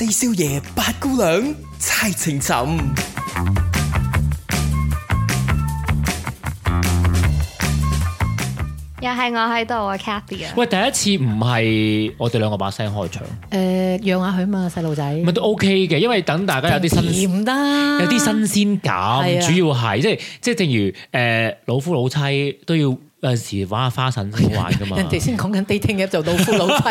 四少爺、八姑娘，猜情尋，又係我喺度啊，Cathy 啊！喂，第一次唔係我哋兩個把聲開場，誒，讓下佢嘛，細路仔，咪都 OK 嘅，因為等大家有啲新，掂得，有啲新鮮感，主要係即係即係，正如誒，老夫老妻都要。有時玩下花神，先好玩噶嘛？ 人哋先講緊 dating 嘅，就到老夫老妻，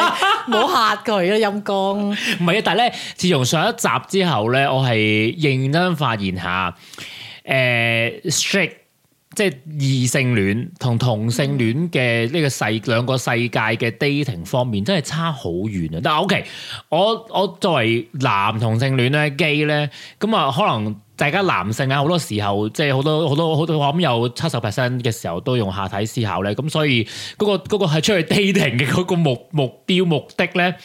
冇 嚇佢啦陰公。唔係啊，但係咧，自從上一集之後咧，我係認真發現下，誒、呃、straight 即係異性戀同同性戀嘅呢個世兩個世界嘅 dating 方面真係差好遠啊！但係 OK，我我作為男同性戀咧 gay 咧，咁、嗯、啊可能。大家男性啊，好多時候即係好多好多好多我諗，有七十 percent 嘅時候都用下體思考咧。咁所以、嗰個、嗰個係出去 dating 嘅、嗰個目目標目的咧，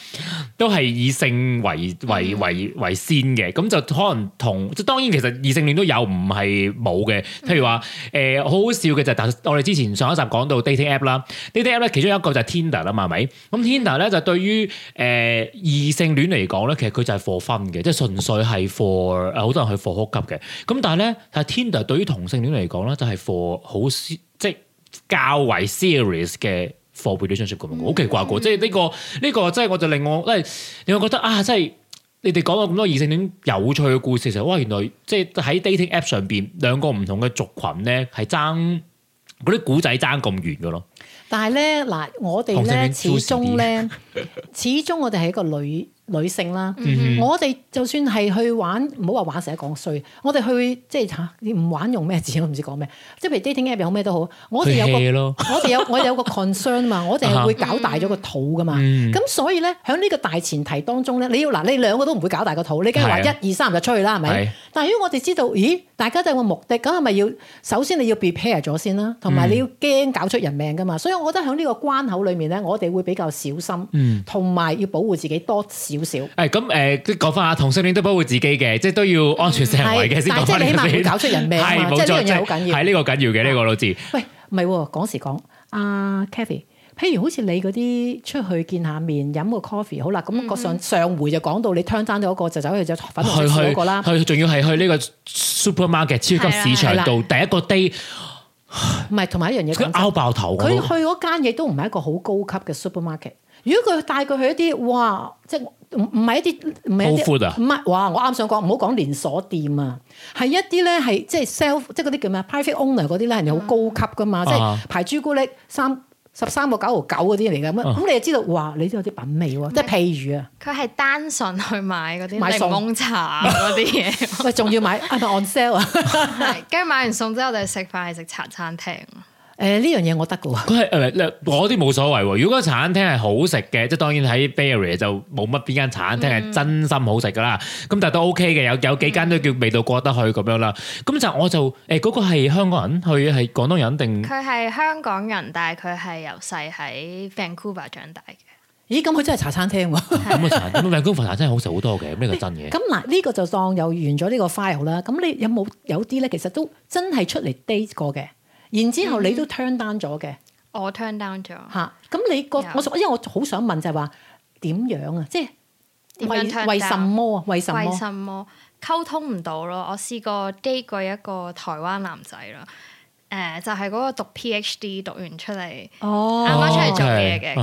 都係以性為為為為先嘅。咁就可能同即係當然其實異性戀都有唔係冇嘅。譬如話誒、呃、好好笑嘅就係、是、我哋之前上一集講到 dating app 啦，dating app 咧其中一個就係 Tinder 啦，嘛係咪？咁 Tinder 咧就對於誒異性戀嚟講咧，其實佢就係 for fun 嘅，即係純粹係 for 誒好多人去 for。o 嘅，咁但係咧，係 Tinder 對於同性戀嚟講咧，就係、是、for 好即係較為 serious 嘅 for 嗰啲 relationship，好奇怪喎！即係呢個呢個，即係我、這個這個、就令我，因為令我覺得啊，即係你哋講咗咁多異性戀有趣嘅故事，其實哇，原來即係喺 dating app 上邊，兩個唔同嘅族群咧，係爭嗰啲古仔爭咁遠嘅咯。但係咧嗱，我哋咧性始終咧，始終我哋係一個女。 女性啦，嗯、哼我哋就算係去玩，唔好話玩成日講衰。我哋去即係嚇，你唔玩用咩字我都唔知講咩。即係、啊、譬如 dating app 有咩都好，我哋有個我哋有我哋有個 concern 嘛，我哋係會搞大咗個肚噶嘛。咁、嗯、所以咧，喺呢個大前提當中咧，你要嗱，你兩個都唔會搞大個肚，你梗係話一二三就出去啦，係咪？是但係如果我哋知道，咦，大家都有個目的，咁係咪要首先你要 prepare 咗先啦、啊，同埋你要驚搞出人命噶嘛？所以我覺得喺呢個關口裏面咧，我哋會比較小心，同埋、嗯、要保護自己多啲。少少，誒咁誒，講翻阿同性戀都包括自己嘅，即係都要安全性行為嘅先，但係即係你萬一搞出人命，係冇錯，呢樣嘢好緊要。係呢個緊要嘅呢個都知。喂，唔係喎，講時講阿 Cathy，譬如好似你嗰啲出去見下面飲個 coffee，好啦，咁我上上回就講到你 turn down 嗰個就走去就反覆嗰個啦，去仲要係去呢個 supermarket 超級市場度第一個 day，唔係同埋一樣嘢，拗爆頭。佢去嗰間嘢都唔係一個好高級嘅 supermarket。如果佢帶佢去一啲，哇，即係唔唔係一啲唔係一啲，唔係 All food? 哇！我啱想講，唔好講連鎖店啊，係一啲咧係即係 sell，即係嗰啲叫咩啊？Private owner 嗰啲咧人哋好高級噶嘛，uh huh. 即係排朱古力三十三個九毫九嗰啲嚟嘅咁咁你就知道哇？你都有啲品味喎，啊，即係譬如啊，佢係單純去買嗰啲檸檬茶嗰啲嘢，喂，仲要買係 on sale 啊， 跟住買完餸之後我哋食飯係食茶餐廳。誒，呢樣嘢我得噶喎。佢係誒，我啲冇所謂。如果個茶餐廳係好食嘅，即係當然喺 Bay Area 就冇乜邊間茶餐廳係真心好食噶啦。咁但係都 OK 嘅，有有幾間都叫味道過得去咁樣啦。咁就我就誒，嗰個係香港人，佢係廣東人定？佢係香港人，但係佢係由細喺 Vancouver 長大嘅。咦？咁佢真係茶餐廳喎。咁啊茶，咁啊 Vancouver 茶餐廳真係好食好多嘅，呢個真嘢。咁嗱，呢個就當又完咗呢個 file 啦。咁你有冇有啲咧？其實都真係出嚟 date 過嘅。然之後你都 turn down 咗嘅，我 turn down 咗。嚇、啊，咁你個然後我所因為我好想問就係話點樣啊？即係為為什麼啊？為什麼，為什麼溝通唔到咯？我試過 date 過一個台灣男仔啦。誒就係嗰個讀 PhD 讀完出嚟，啱啱、oh, 出嚟做嘢嘅，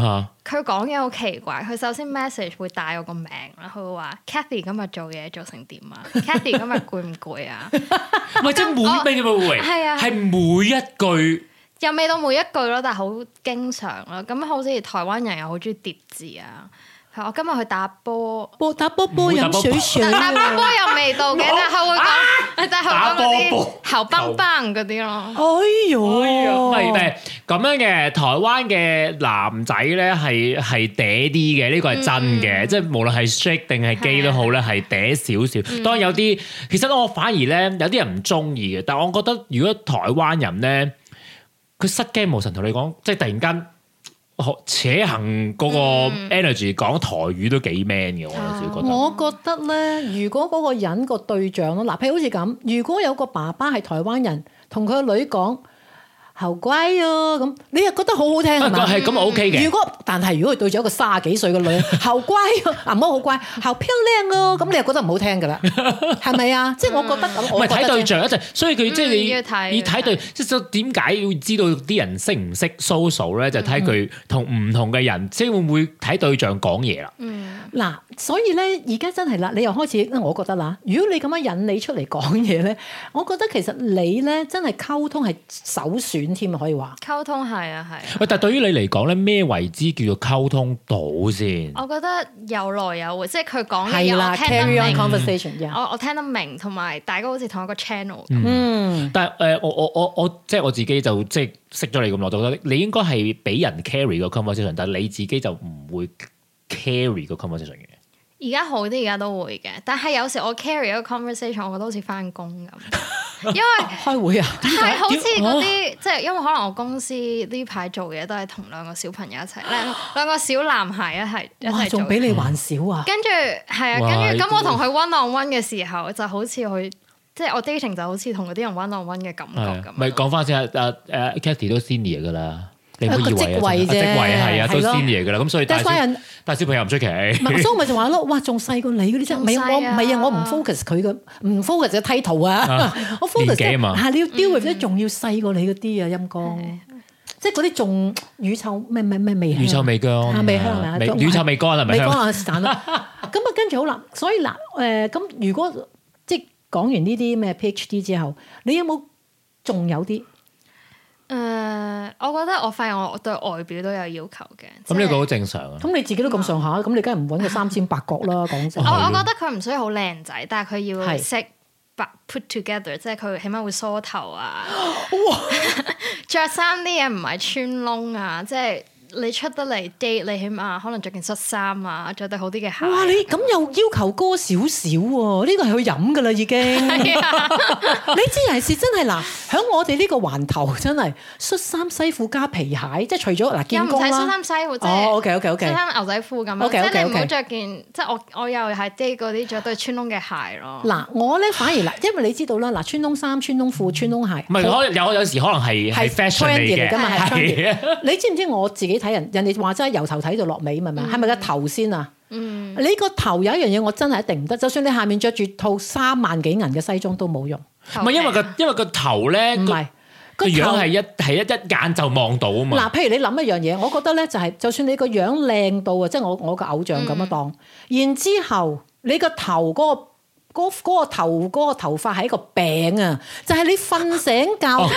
佢講嘢好奇怪。佢首先 message 會帶我個名啦，佢會話：Cathy 今日做嘢做成點啊 ？Cathy 今日攰唔攰啊？唔係即係每，係咪會係啊？係每一句又未到每一句咯，但係好經常咯。咁好似台灣人又好中意疊字啊。我今日去打波、波打波波有水水嘅，打波有味道嘅。但係會講，但係會講嗰啲後崩崩嗰啲咯。哎喲，唔係唔係咁樣嘅。台灣嘅男仔咧係係嗲啲嘅，呢個係真嘅。即係無論係 shake 定係基都好咧，係嗲少少。當然有啲，其實我反而咧有啲人唔中意嘅。但係我覺得如果台灣人咧，佢失驚無神同你講，即係突然間。扯行嗰個 energy 講、嗯、台語都幾 man 嘅，我有時覺得。我覺得咧，如果嗰個人個對象咯，嗱，譬如好似咁，如果有個爸爸係台灣人，同佢個女講。好乖啊，咁你又覺得好好聽係嘛？係咁啊 OK 嘅。如果但係如果佢對咗一個卅幾歲嘅女，好乖，阿媽好乖，好漂亮啊，咁你又覺得唔好聽㗎啦，係咪啊？即係我覺得唔係睇對象啊，就所以佢即係你要睇對，即係點解要知道啲人識唔識 social 咧？就睇佢同唔同嘅人，即係會唔會睇對象講嘢啦？嗱，所以咧而家真係啦，你又開始，我覺得啦，如果你咁樣引你出嚟講嘢咧，我覺得其實你咧真係溝通係首選。添咪可以話溝通係啊係喂，啊、但對於你嚟講咧，咩為之叫做溝通到先？我覺得有來有回，即係佢講嘢，啊、有我我聽得明，同埋、嗯、大家好似同一個 channel。嗯，但係誒、呃，我我我我即係我自己就即係識咗你咁耐，覺得你應該係俾人 carry 個 conversation，但係你自己就唔會 carry 個 conversation 嘅。而家好啲，而家都會嘅，但係有時我 carry 一個 conversation，我覺得好似翻工咁，因為 開會啊，係好似嗰啲，麼即係因為可能我公司呢排做嘢都係同兩個小朋友一齊，兩 兩個小男孩一齊一齊做，仲比你還少啊，啊！跟住係啊，跟住咁我同佢 one on one 嘅時候，就好似去即係我 dating 就好似同嗰啲人 one on one 嘅感覺咁。咪講翻先阿誒誒 Cathy 都 senior 噶啦。你個職位啫，係啊，都係 senior 噶啦。咁所以但係怪人，但係小朋友唔出奇。麥蘇咪就話咯，哇，仲細過你嗰啲真係唔係啊！我唔 focus 佢嘅，唔 focus 嘅 title 啊，我 focus 啊嘛。嚇，你要 deal with 啲，仲要細過你嗰啲啊，陰功，即係嗰啲仲乳臭咩咩咩味氣，乳臭未乾啊，味氣係咪啊？乳臭未乾啦，未乾啊，散啦。咁啊，跟住好啦，所以嗱，誒，咁如果即係講完呢啲咩 PhD 之後，你有冇仲有啲？誒，uh, 我覺得我發現我我對外表都有要求嘅。咁呢個好正常啊！咁、嗯、你自己都咁上下，咁你梗係唔揾個三千八角啦，講真。 我我覺得佢唔需要好靚仔，但係佢要識把 put together，是即係佢起碼會梳頭啊，着衫啲嘢唔係穿窿啊，即係。你出得嚟 date，你起碼可能着件恤衫啊，着對好啲嘅鞋。哇！你咁又要求高少少喎，呢個係去飲㗎喇已經。你知人士真係嗱，喺我哋呢個環頭真係恤衫西褲加皮鞋，即係除咗嗱，又唔使恤衫西褲。哦 OK OK OK，牛仔褲咁樣，即係你唔好着件，即係我我又係 date 嗰啲着對穿窿嘅鞋咯。嗱，我咧反而嗱，因為你知道啦，嗱，穿窿衫、穿窿褲、穿窿鞋，唔係有有時可能係係 fashion 嚟嘅。係你知唔知我自己？睇人，人哋話真係由頭睇到落尾，係咪係咪個頭先啊？嗯，你個頭有一樣嘢，我真係一定唔得。就算你下面着住套三萬幾銀嘅西裝，都冇用。係因為、那個因為個頭咧，唔係個樣係一係一一眼就望到啊嘛。嗱，譬如你諗一樣嘢，我覺得咧就係、是，就算你個樣靚到啊，即、就、係、是、我我個偶像咁樣當，嗯、然之後你個頭、那個那個頭嗰個嗰嗰個頭嗰個頭髮係一個餅啊，就係、是、你瞓醒覺。哦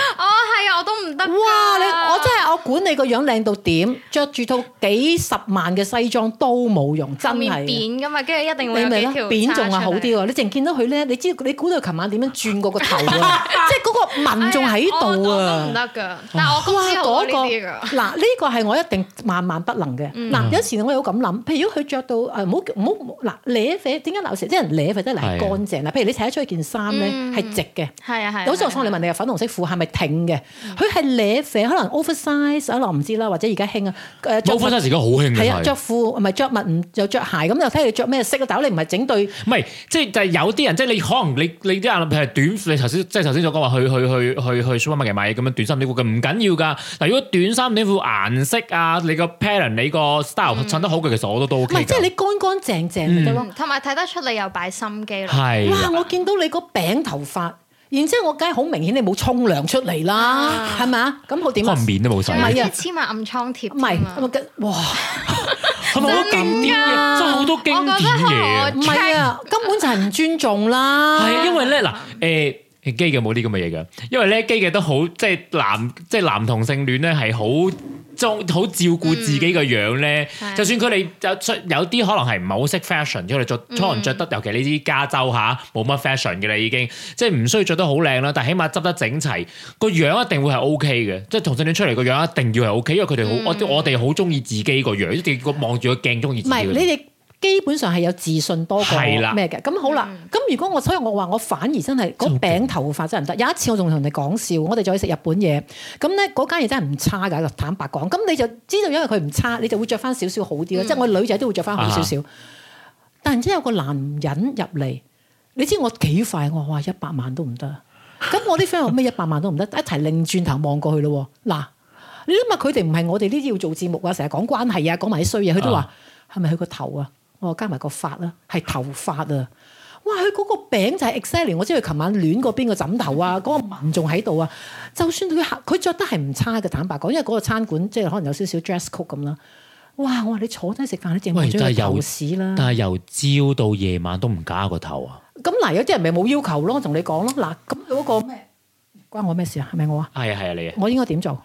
哎、我都唔得哇！你我真係我管你個樣靚到點，着住套幾十萬嘅西裝都冇用，真係扁噶嘛，跟住一定會你幾咯，扁仲係好啲喎、啊。你淨見到佢咧，你知你估到佢琴晚點樣轉過頭 個頭即係嗰個紋仲喺度啊！哎、都唔得噶，但係我知我呢啲嗱呢個係、這個、我一定萬萬不能嘅。嗱、嗯、有時我有咁諗，譬如如果佢着到誒，唔好唔好嗱，孭肥點解有時啲人孭肥得嚟乾淨啦？譬如你睇得出件衫咧係直嘅，係啊係。好似我上次問你啊，粉紅色褲係咪挺嘅？佢係攞肥，可能 oversize，可能唔知啦，或者而家興啊！oversize 而家好興啊！係啊，著褲唔係着襪，唔又着鞋，咁又睇你着咩色啊。但你唔係整對，唔係即係就係、是、有啲人即係、就是、你可能你你啲眼力皮係短，你頭先即係頭先所講話去去去去去 supermarket 買嘢咁樣短衫短褲佢唔緊要噶。嗱，如果短衫短褲顏色啊，你個 pattern 你個 style 襯得好嘅，其實我都都 OK 唔係即係你乾乾淨淨同埋睇得出你又擺心機咯。係哇的，我見到你個餅頭髮。然之後，我梗係好明顯你，你冇沖涼出嚟啦，係咪對啊？咁我點啊？個面都冇洗。唔係啊，黐埋暗瘡貼。唔係、啊。哇！係咪好多經典嘅？真係好多經典嘅嘢。唔係啊，根本就係唔尊重啦。係 啊，因為咧嗱，誒、呃。gay 嘅冇啲咁嘅嘢嘅，因為咧 gay 嘅都好，即係男即係男同性戀咧係好裝好照顧自己個樣咧，嗯、就算佢哋有有啲可能係唔係好識 fashion，因為你着可能着得尤其呢啲加州嚇冇乜 fashion 嘅啦已經，即係唔需要着得好靚啦，但起碼執得整齊，個樣一定會係 O K 嘅，即係同性戀出嚟個樣一定要係 O K，因為佢哋好我我哋好中意自己個樣，即係個望住個鏡中意。自己樣唔係你哋。基本上係有自信多過咩嘅是的，咁好啦。咁、嗯、如果我，所以我話我反而真係嗰、那個、餅頭會發真唔得。有一次我仲同你講笑，我哋再食日本嘢，咁咧嗰間嘢真係唔差㗎，坦白講。咁你就知道，因為佢唔差，你就會着翻少少好啲咯。即係、嗯、我女仔都會着翻好少少。啊、哈 但係因為個男人入嚟，你知我幾快？我話一百萬都唔得。咁我啲 friend 話咩？一百萬都唔得。一提，另轉頭望過去咯。嗱，你諗下，佢哋唔係我哋呢啲要做節目啊，成日講關係啊，講埋啲衰嘢，佢都話係咪佢個頭啊？我、哦、加埋個發啦，係頭髮啊！哇，佢嗰個餅就係 e x c e l l 我知佢琴晚攣過邊個枕頭啊，嗰、那個紋仲喺度啊！就算佢佢着得係唔差嘅，坦白講，因為嗰個餐館即係可能有少少 dress code 咁啦。哇！我話你坐低食飯，你淨係着頭屎啦、啊！但係由朝到夜晚都唔夾個頭啊！咁嗱、呃，有啲人咪冇要求咯，我同你講咯。嗱、呃，咁嗰個咩關我咩事啊？係咪我啊？係啊係啊，你啊！我應該點做？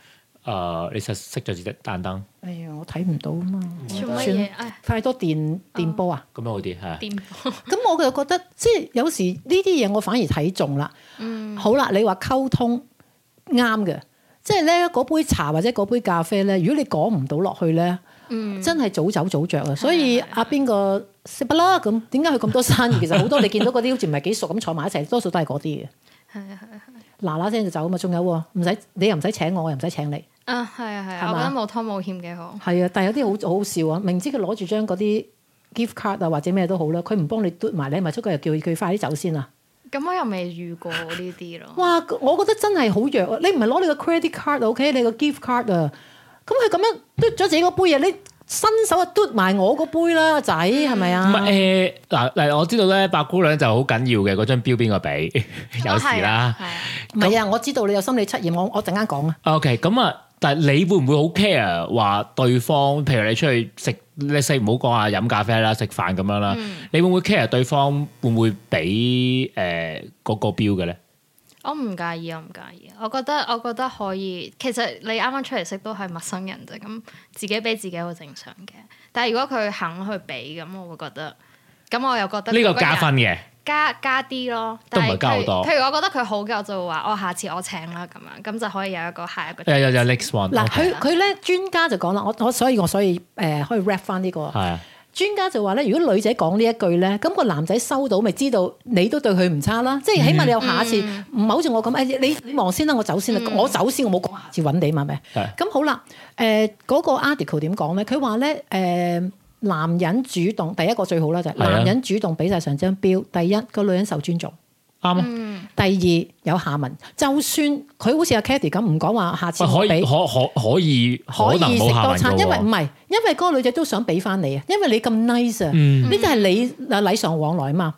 誒，你實熄咗自己彈燈。哎呀，我睇唔到啊嘛，做乜嘢？太多電電波啊。咁樣好啲係。電波。咁我就覺得，即係有時呢啲嘢我反而睇中啦。好啦，你話溝通啱嘅，即係咧嗰杯茶或者嗰杯咖啡咧，如果你講唔到落去咧，真係早走早着啊。所以阿邊個食不啦咁？點解佢咁多生意？其實好多你見到嗰啲好似唔係幾熟咁坐埋一齊，多數都係嗰啲嘅。係係係。嗱嗱聲就走啊嘛，仲有唔使你，又唔使請我，我又唔使請你。啊，係啊，係啊，我覺得冇拖冇欠幾好。係啊，但係有啲好好笑啊！明知佢攞住張嗰啲 gift card 啊，或者咩都好啦，佢唔幫你嘟埋，你咪出佢又叫佢快啲走先啊。咁我又未遇過呢啲咯。哇！我覺得真係好弱啊！你唔係攞你個 credit card 啊？OK，你個 gift card 啊？咁佢咁樣嘟咗自己個杯啊！你伸手啊嘟埋我個杯啦，仔係咪啊？唔嗱嗱，我知道咧，白姑娘就好緊要嘅嗰張標邊個俾有事啦？係啊，係啊，我知道你有心理出現，我我陣間講啊。OK，咁啊。但係你會唔會好 care 話對方？譬如你出去食，你先唔好講下飲咖啡啦、食飯咁樣啦。嗯、你會唔會 care 對方會唔會俾誒嗰個標嘅咧？我唔介意，我唔介意。我覺得我覺得可以。其實你啱啱出嚟食都係陌生人啫，咁自己俾自己好正常嘅。但係如果佢肯去俾咁，我會覺得。咁我又覺得呢個加分嘅。加加啲咯，但係加好多。譬如我覺得佢好嘅，我就話：我下次我請啦，咁樣咁就可以有一個下一個。有有有 next one。嗱，佢佢咧專家就講啦，我我所以我所以誒可以 wrap 翻呢個。係。專家就話咧，如果女仔講呢一句咧，咁個男仔收到咪知道你都對佢唔差啦，即係起碼你有下一次，唔好似我咁誒，你你忙先啦，我走先啦，我走先，我冇講下次揾你嘛咪。係。咁好啦，誒嗰個 article 點講咧？佢話咧誒。男人主動第一個最好啦，就係、是、男人主動俾曬上張表。是啊、第一個女人受尊重，啱啊。第二有下文，嗯、就算佢好似阿 Cathy 咁唔講話，下次唔俾，可可可以，可以食多餐。因為唔係，因為嗰個女仔都想俾翻你啊，因為你咁 nice 啊，呢啲係禮啊禮尚往來啊嘛。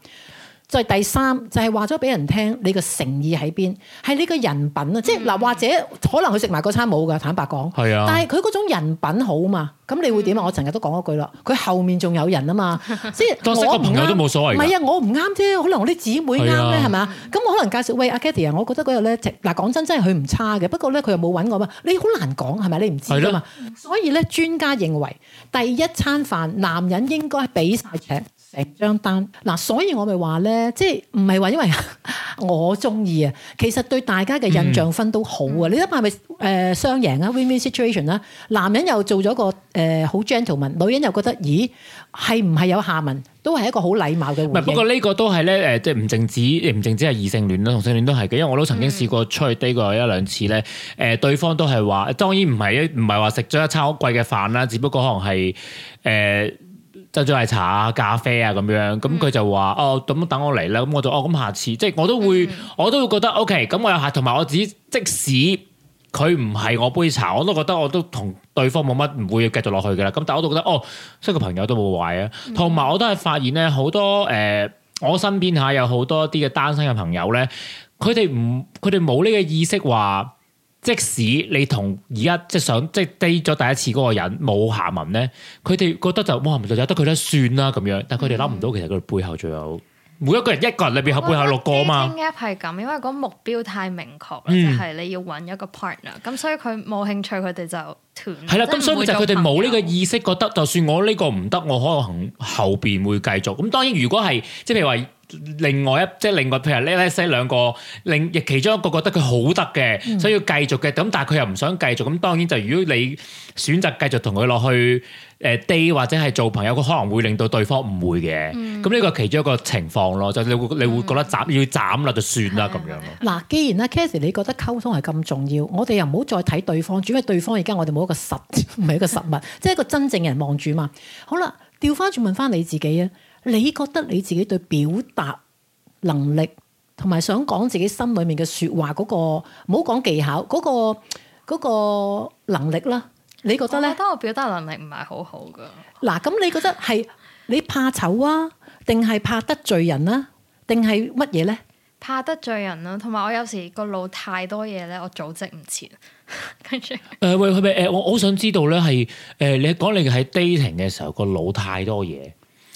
再第三就係話咗俾人聽你個誠意喺邊，係你個人品啊！即係嗱，或者可能佢食埋嗰餐冇噶，坦白講。係啊。但係佢嗰種人品好嘛？咁你會點啊？我成日都講嗰句啦，佢後面仲有人啊嘛！即係當我朋友都冇所謂。唔係啊，我唔啱啫，可能我啲姊妹啱咧，係咪？咁我可能介紹喂阿 Katie 啊，我覺得嗰日咧嗱講真真係佢唔差嘅，不過咧佢又冇揾我嘛，你好難講係咪？你唔知啊嘛。係咯。所以咧，專家認為第一餐飯男人應該係俾曬請。成張單嗱，所以我咪話咧，即係唔係話因為我中意啊，其實對大家嘅印象分都好、嗯嗯、是是啊。你諗下係咪誒雙贏啊，win-win situation 啦。男人又做咗個誒、呃、好 gentleman，女人又覺得咦係唔係有下文，都係一個好禮貌嘅。不過呢個都係咧，誒即係唔淨止，唔淨止係異性戀啦，同性戀都係嘅。因為我都曾經試過出去 date 過、嗯、一兩次咧，誒、呃、對方都係話，當然唔係唔係話食咗一餐好貴嘅飯啦，只不過可能係誒。呃就係茶咖啡啊咁樣，咁佢就話、嗯、哦，咁等我嚟啦，咁我就哦咁下次，即係我都會，嗯、我都會覺得 O K，咁我有下同埋我自己，即使佢唔係我杯茶，我都覺得我都同對方冇乜，唔會繼續落去噶啦。咁但係我都覺得哦，識個朋友都冇壞啊。同埋我都係發現咧，好多誒、呃，我身邊下有好多啲嘅單身嘅朋友咧，佢哋唔，佢哋冇呢個意識話。即使你同而家即係上即係 date 咗第一次嗰個人冇下文咧，佢哋覺得就哇唔文就由得佢啦算啦咁樣，但佢哋諗唔到其實佢背後仲有每一個人一個人裏邊後覺背後六個啊嘛。應該係咁，因為個目標太明確啦，即係、嗯、你要揾一個 partner，咁所以佢冇興趣，佢哋就斷。係啦的，咁所以就佢哋冇呢個意識覺得就算我呢個唔得，我可能後邊會繼續咁當然如果係即係，譬如話。另外一即係另外，譬如叻叻西兩個，另亦其中一個覺得佢好得嘅，所以要繼續嘅。咁但係佢又唔想繼續，咁當然就如果你選擇繼續同佢落去誒，day、呃、或者係做朋友，佢可能會令到對方誤會嘅。咁呢、嗯、個其中一個情況咯，嗯、就你會你會覺得斬要斬啦，嗯、斬就算啦咁樣咯。嗱，既然咧、啊、Cathy 你覺得溝通係咁重要，我哋又唔好再睇對方，主要係對方而家我哋冇一個實唔係一個實物，即係 一個真正人望住嘛。好啦，調翻轉問翻你自己啊。你覺得你自己對表達能力同埋想講自己心裏面嘅説話嗰、那個，唔好講技巧嗰、那個那個能力啦。你覺得咧？我覺得我表達能力唔係好好噶。嗱，咁你覺得係你怕醜啊，定係怕得罪人啊，定係乜嘢咧？怕得罪人啦、啊，同埋我有時個腦太多嘢咧，我組織唔切。跟 住、呃，誒喂，佢咪誒我好想知道咧，係、呃、誒你講你喺 dating 嘅時候個腦太多嘢。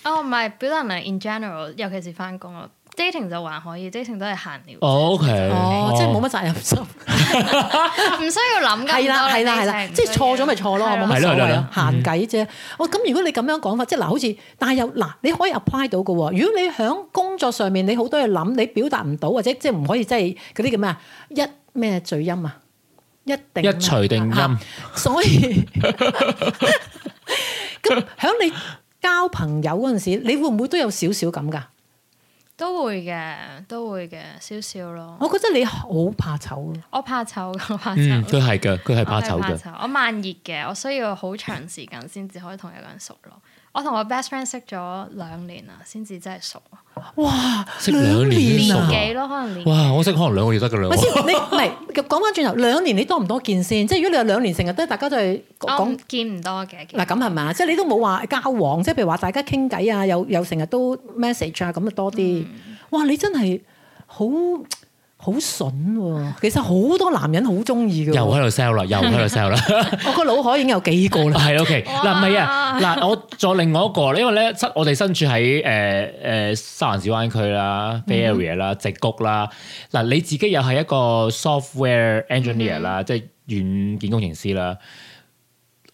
哦，唔係表達能力 in general，尤其是翻工咯。dating 就還可以，dating 都係閒聊。O K，哦，即係冇乜責任心，唔需要諗咁多。係啦，係啦，係啦，即係錯咗咪錯咯，冇乜所謂咯，閒偈啫。哦，咁如果你咁樣講法，即係嗱，好似但係有嗱，你可以 apply 到㗎。如果你喺工作上面，你好多嘢諗，你表達唔到，或者即係唔可以，即係嗰啲叫咩啊？一咩嘴音啊？一定一錘定音。所以咁響你。交朋友嗰陣時，你會唔會都有少少咁噶？都會嘅，都會嘅，少少咯。我覺得你好怕醜。我怕醜，嗯、我怕醜。佢係嘅，佢係怕醜嘅。我慢熱嘅，我需要好長時間先至可以同一個人熟落。 我同我 best friend 識咗兩年啦，先至真係熟。哇！識兩年幾多？可能哇，我識可能兩個月得嘅兩個。唔係，講返轉頭，兩年你多唔多見先？ 即係如果你有兩年，成日都大家常常都係講、哦、說見唔多嘅。嗱咁係嘛？即係你都冇話交往，即係譬如話大家傾偈啊，又又成日都 message 啊咁啊多啲。嗯、哇！你真係好～好筍喎！其實好多男人好中意嘅。又喺度 sell 啦，又喺度 sell 啦。我個腦海已經有幾個啦。係 OK。嗱，唔係啊，嗱，我再另外一個咧，因為咧，我哋身處喺誒誒三藩市大灣區啦，Bay Area 啦，直谷啦。嗱，你自己又係一個 software engineer 啦，即係軟件工程師啦。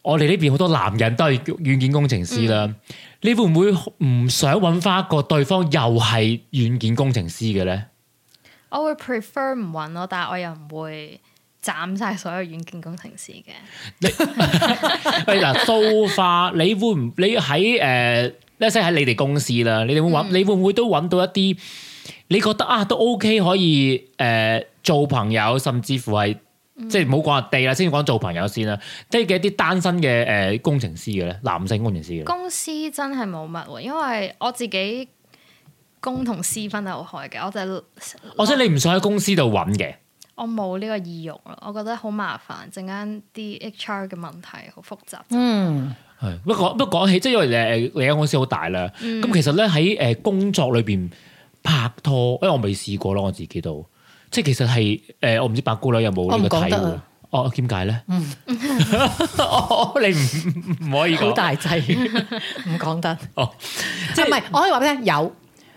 我哋呢邊好多男人都係軟件工程師啦。你會唔會唔想揾翻一個對方又係軟件工程師嘅咧？我會 prefer 唔揾咯，但係我又唔會斬曬所有軟件工程師嘅。喂，嗱，so far，你會唔你喺誒？呢一息喺你哋公司啦，你哋會揾你會唔會都揾到一啲？你覺得啊，都 OK 可以誒做朋友，甚至乎係即係唔好講地啦，先講做朋友先啦。即係一啲單身嘅誒工程師嘅咧，男性工程師嘅公司真係冇乜，因為我自己。公同私分係好害嘅，我就我即係你唔想喺公司度揾嘅，我冇呢個意欲咯，我覺得好麻煩，陣間啲 HR 嘅問題好複雜。嗯，係不過不過講起，即係因為誒你間公司好大啦，咁其實咧喺誒工作裏邊拍拖，因為我未試過咯，我自己都即係其實係誒我唔知白姑娘有冇呢個睇嘅，哦點解咧？哦你唔唔可以講大劑唔講得哦，即係唔係？我可以話俾你聽有。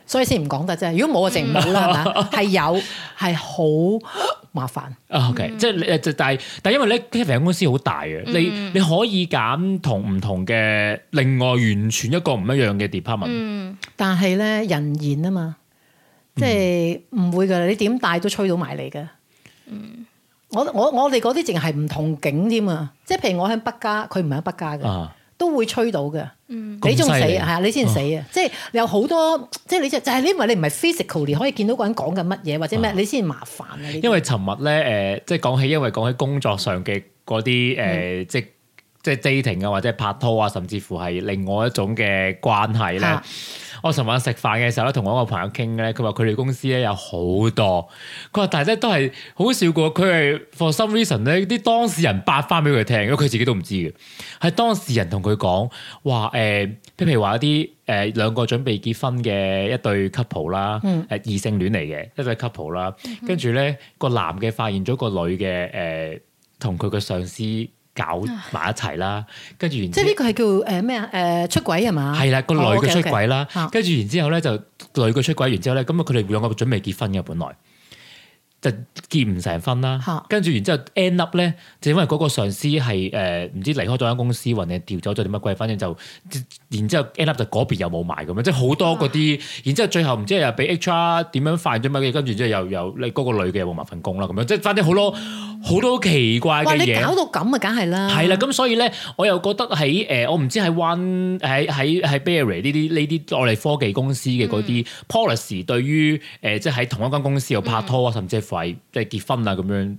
所以先唔講得啫，如果冇個政府啦，係咪啊？係 有係好麻煩。啊，OK，嗯、即係誒，但係但係因為咧 investment 公司好大嘅，嗯、你你可以揀同唔同嘅另外完全一個唔一樣嘅 department。嗯但呢，但係咧人言啊嘛，即係唔會噶，你點帶都吹到埋嚟嘅。嗯我，我我我哋嗰啲淨係唔同景點啊，即係譬如我喺北加，佢唔係喺北加嘅。啊都會吹到嘅、嗯，你仲死係啊？你先死啊！即係有好多，即係你即就係你、啊，因為你唔係 physically 可以見到個人講緊乜嘢或者咩，你先麻煩。因為尋日咧誒，即係講起，因為講起工作上嘅嗰啲誒，呃嗯、即係即係 dating 啊，或者拍拖啊，甚至乎係另外一種嘅關係咧。啊我尋晚食飯嘅時候咧，同我一個朋友傾咧，佢話佢哋公司咧有好多，佢話大家都係好笑嘅，佢係 for some reason 咧，啲當事人八翻俾佢聽，因為佢自己都唔知嘅，係當事人同佢講話誒，譬、呃、如話一啲誒兩個準備結婚嘅一對 couple 啦、嗯，誒異性戀嚟嘅一對 couple 啦、呃，跟住咧個男嘅發現咗個女嘅誒同佢嘅上司。搞埋一齊啦，跟住唉著即係呢個係叫誒咩啊？誒、呃呃、出軌係嘛？係啦，個女嘅出軌啦，跟住然之後咧就女嘅出軌，完之、oh, okay , okay. 後咧咁啊，佢哋兩個準備結婚嘅本來。就結唔成婚啦，跟住然之後 end up 咧，就因為嗰個上司係誒唔知離開咗間公司，或者調咗咗點乜鬼，反正就然之後 end up 就嗰邊又冇埋咁樣，即係好多嗰啲，啊、然之後最後唔知又俾 HR 點樣犯咗乜嘢。跟住之後又又嗰、嗰個女嘅又冇埋份工啦，咁樣即係反正好多好多奇怪嘅嘢。哇！你搞到咁啊，梗係啦，係啦。咁所以咧，我又覺得喺誒、呃，我唔知喺 One 喺喺喺 Berry 呢啲呢啲我哋科技公司嘅嗰啲 policy、嗯、對於誒、呃，即係喺同一間公司又拍拖啊，甚至即係結婚啊咁樣，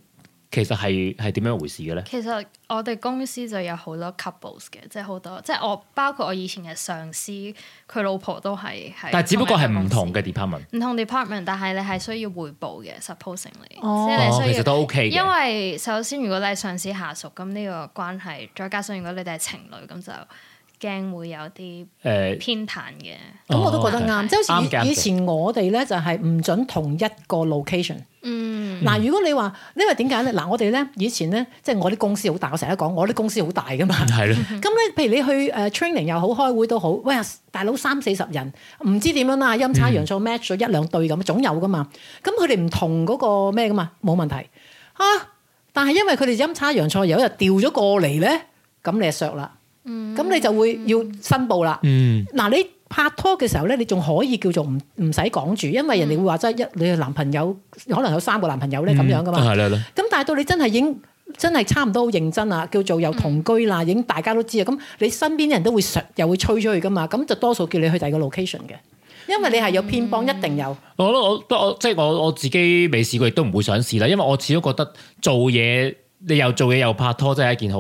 其實係係點樣回事嘅咧？其實我哋公司就有好多 couples 嘅，即係好多，即係我包括我以前嘅上司，佢老婆都係係。但係只不過係唔同嘅 department，唔同 department，但係你係需要回報嘅，supposingly 即係、哦、你需要、哦。其實都 OK 嘅。因為首先如果你係上司下屬，咁呢個關係，再加上如果你哋係情侶咁就驚會有啲誒偏袒嘅。咁、欸、我都覺得啱，即係好似以前我哋咧就係唔準同一個 location。嗱、啊，如果你話，因為點解咧？嗱、啊，我哋咧以前咧，即係我啲公司好大，我成日講我啲公司好大噶嘛，係咯。咁咧，譬如你去誒 training 又好，開會都好，喂，大佬三四十人，唔知點樣啦，陰差陽錯 match 咗一兩對咁，總有噶嘛。咁佢哋唔同嗰個咩噶嘛，冇問題啊。但係因為佢哋陰差陽錯，有一日調咗過嚟咧，咁你就削啦。嗯。咁你就會要申報啦。嗯。嗱、啊、你。拍拖嘅時候咧，你仲可以叫做唔唔使講住，因為人哋會話即係一你嘅男朋友可能有三個男朋友咧咁、嗯、樣噶嘛。咁、嗯嗯嗯、但係到你真係已經真係差唔多好認真啊，叫做又同居啦，已經、嗯、大家都知啊。咁你身邊啲人都會又會吹咗佢噶嘛。咁就多數叫你去第二個 location 嘅，因為你係有偏幫，一定有。嗯、我我不我即係我我自己未試過，亦都唔會想試啦。因為我始終覺得做嘢你又做嘢又拍拖，真係一件好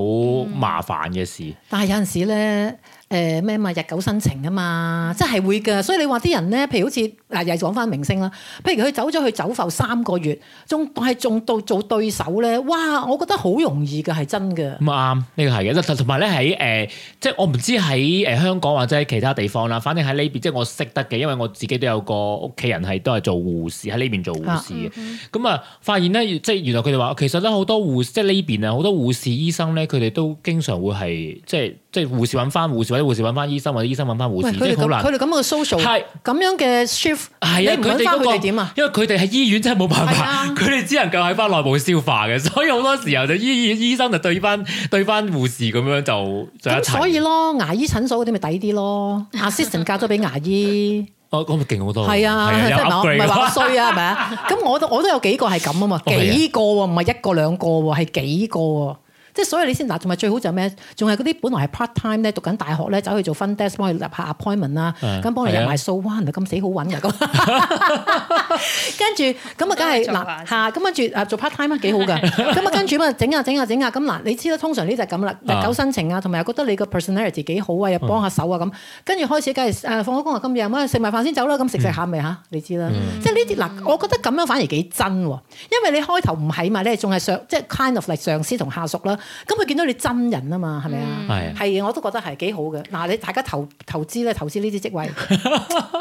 麻煩嘅事。嗯、但係有陣時咧。誒咩嘛日久生情啊嘛，即係會㗎，所以你話啲人咧，譬如好似嗱又係講翻明星啦，譬如佢走咗去走埠三個月，仲係仲到做對手咧，哇！我覺得好容易㗎，係真嘅。咁啱、嗯，呢、呢個係嘅。同埋咧喺誒，即係我唔知喺誒香港或者喺其他地方啦，反正喺呢邊，即、就、係、是、我識得嘅，因為我自己都有個屋企人係都係做護士，喺呢邊做護士咁啊嗯嗯、嗯，發現咧，即係原來佢哋話其實咧好多護士，即係呢邊啊好多護士醫生咧，佢哋都經常會係即係即係護士揾翻護士護士揾翻醫生或者醫生揾翻護士，佢哋咁樣嘅 s o c i 係咁樣嘅 shift。係啊，佢哋點啊？因為佢哋喺醫院真係冇辦法，佢哋只能夠喺翻內部消化嘅。所以好多時候就醫院醫生就對翻對翻護士咁樣就所以咯牙醫診所嗰啲咪抵啲咯。阿 s i s t a n t 咗俾牙醫，哦咁咪勁好多。係啊，唔係話衰啊，係咪啊？咁我我都有幾個係咁啊嘛，幾個唔係一個兩個喎，係幾個。即係所以你先嗱，仲係最好就係咩？仲係嗰啲本來係 part time 咧，讀緊大學咧，走去做 front desk 幫你入下 appointment 啊、嗯，咁幫你入埋數 one，咁、啊、死好揾嘅咁。跟住咁啊，梗係嗱吓，咁啊，住誒做 part time 啊幾好㗎，咁啊 跟住咁啊整下整下整下，咁嗱、啊，你知啦，通常呢就係咁啦，日久生情啊，同埋覺得你個 personality 幾好啊，又幫下手啊咁，跟住開始梗係誒放咗工啊今樣，咁啊食埋飯先走啦，咁食食下咪吓，嗯、你知啦，嗯嗯、即係呢啲嗱，我覺得咁樣反而幾真喎，因為你開頭唔係嘛咧，仲係上即係、就是、kind of 係上司同下屬啦。咁佢見到你真人啊嘛，係咪啊？係，我都覺得係幾好嘅。嗱，你大家投投資咧，投資呢啲職位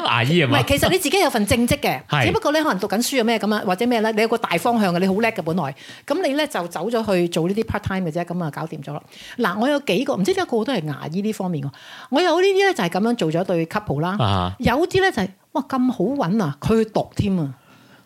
牙醫啊唔係，其實你自己有份正職嘅，是只不過咧可能讀緊書啊咩咁啊，或者咩咧，你有個大方向嘅，你好叻嘅本來。咁你咧就走咗去做呢啲 part time 嘅啫，咁啊搞掂咗啦。嗱，我有幾個，唔知點解個個都係牙醫呢方面。我有呢啲咧就係咁樣做咗對 couple 啦、就是。有啲咧就係哇咁好揾啊，佢去讀添啊。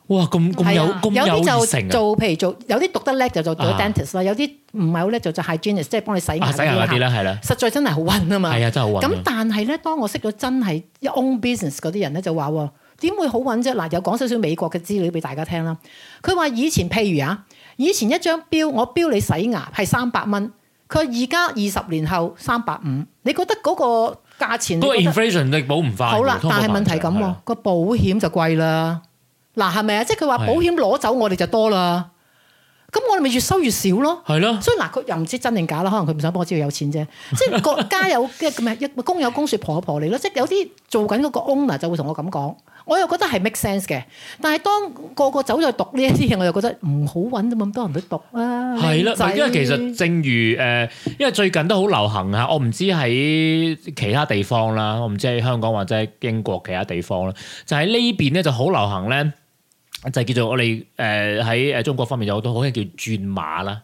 哇！咁有、啊、有啲就做，譬如做有啲讀得叻就做 dentist 啦，有啲唔係好叻就做 hygienist，即係幫你洗牙嗰啲啦，係啦、啊。啊、實在真係好揾啊嘛！係啊，真係好揾。咁但係咧，當我識到真係 own business 嗰啲人咧，就話喎點會好揾啫？嗱，有講少少美國嘅資料俾大家聽啦。佢話以前譬如啊，以前一張標我標你洗牙係三百蚊，佢而家二十年後三百五，你覺得嗰個價錢嗰個 inflation 力保唔快？好啦、啊，但係問題咁喎，個、啊、保險就貴啦。嗱，係咪啊？即係佢話保險攞走我哋就多啦，咁的我哋咪越收越少咯。係咯的，所以嗱，佢、啊、又唔知真定假啦。可能佢唔想幫我知佢有錢啫。 即係國家有嘅咩，公有公說，婆婆嚟咯。即係有啲做緊嗰個 owner 就會同我咁講，我又覺得係 make sense 嘅。但係當個個走咗去讀呢一啲嘢，我又覺得唔好揾咁多人都讀啊。係啦的，因為其實正如誒，因為最近都好流行啊。我唔知喺其他地方啦，我唔知喺香港或者喺英國其他地方啦，就喺呢邊咧就好流行咧。就係叫做我哋誒喺誒中國方面有好多好興叫轉碼啦，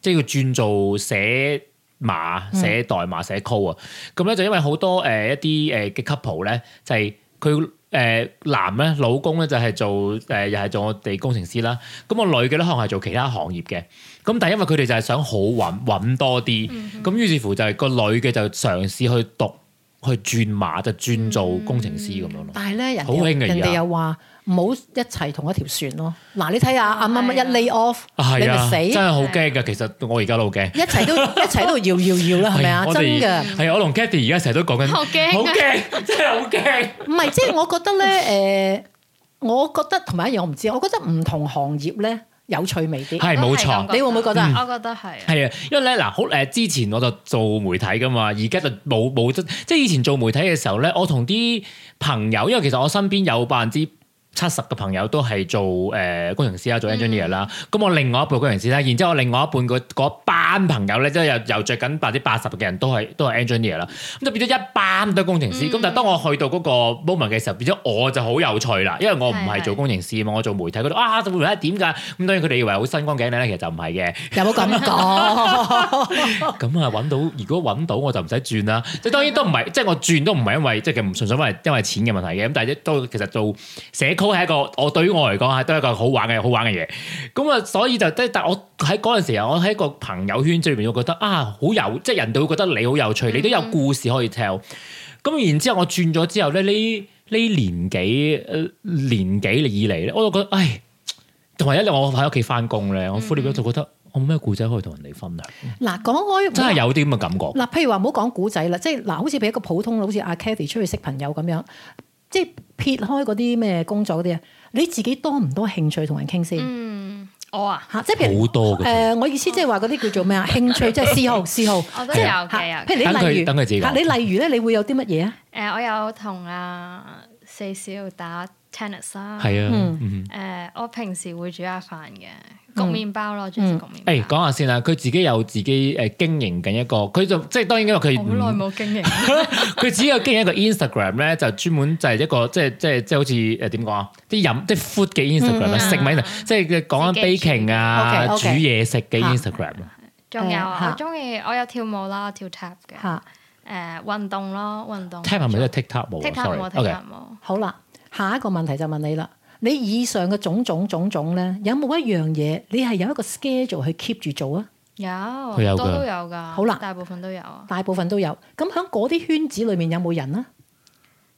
即係要轉做寫碼、嗯、寫代碼、寫 code 啊。咁咧就因為好多誒、呃、一啲誒嘅 couple 咧，就係佢誒男咧老公咧就係做誒又係做我哋工程師啦。咁、個女嘅咧可能係做其他行業嘅。咁但係因為佢哋就係想好揾揾多啲，咁、嗯、哼於是乎就係個女嘅就嘗試去讀去轉碼，就轉做工程師咁樣咯。但係咧好興嘅人哋又話。唔好一齊同一條船咯。嗱，你睇下啊乜乜一 lay off，你咪死。真係好驚嘅，其實我而家都好驚。一齊都一齊都搖搖搖啦，係咪啊？真嘅。係啊，我同 Cathy 而家成日都講緊。好驚！好驚！真係好驚。唔係，即係我覺得咧，誒，我覺得同埋一樣我唔知。我覺得唔同行業咧有趣味啲。係冇錯。你會唔會覺得？我覺得係。係啊，因為咧嗱，好誒，之前我就做媒體噶嘛，而家就冇冇即係以前做媒體嘅時候咧，我同啲朋友，因為其實我身邊有百分之。七十嘅朋友都係做誒、呃、工程師啦，做 engineer 啦、嗯。咁我另外一半工程師啦，然之後我另外一半個班朋友咧，即係又又著緊百分之八十嘅人都係都係 engineer 啦。咁就變咗一班都係工程師。咁、嗯、但係當我去到嗰個 moment 嘅時候，變咗我就好有趣啦，因為我唔係做工程師是是啊嘛，我做媒體嗰度啊，做媒體點㗎？咁當然佢哋以為好新光鏡咧，其實就唔係嘅。有冇咁講？咁啊揾到，如果揾到我就唔使轉啦。即係 當然都唔係，即係我轉都唔係因為即係其實唔純粹因為因為錢嘅問題嘅。咁但係都其實做社都係一個，我對於我嚟講係都一個好玩嘅、好玩嘅嘢。咁、嗯、啊，所以就即係，但我喺嗰陣時候，我喺個朋友圈裏面，我覺得啊，好有，即係人哋會覺得你好有趣，你都有故事可以 tell。咁、嗯、然後之後，我轉咗之後咧，呢呢年幾、呃、年幾以嚟咧，我就覺得，唉，同埋一我喺屋企翻工咧，我忽然咗，就覺得我冇咩故仔可以同人哋分享。嗱、嗯嗯，講開我真係有啲咁嘅感覺。嗱、啊，譬如話唔好講故仔啦，即係嗱，好似俾一個普通，好似阿 Cathy 出去識朋友咁樣。即係撇開嗰啲咩工作嗰啲啊，你自己多唔多興趣同人傾先？嗯，我啊嚇，即係譬如好多嘅誒、呃，我意思即係話嗰啲叫做咩啊？我 興趣 即係嗜好，嗜好我都有嘅啊。譬如你例如嚇，你例如咧，你會有啲乜嘢啊？誒、呃，我有同阿四小打。tennis 啊，係啊，誒，我平時會煮下飯嘅，焗麪包咯，中意食焗麪包。誒，講下先啦，佢自己有自己誒經營緊一個，佢就即係當然因為佢好耐冇經營，佢自己有經營一個 Instagram 咧，就專門就係一個即係即係即係好似誒點講啊，啲飲啲 food 嘅 Instagram 啦，食咪即係講緊 baking 啊，煮嘢食嘅 Instagram。仲有我中意我有跳舞啦，跳 tap 嘅嚇，誒運動咯，運動 tap 係咪都係 tik tap 冇 tik tap 冇 tik tap 冇。好啦。下一個問題就問你啦，你以上嘅種種種種咧，有冇一樣嘢你係有一個 schedule 去 keep 住做啊？有，好多都有噶。好啦，大部分都有。大部分都有。咁喺嗰啲圈子裏面有冇人啊？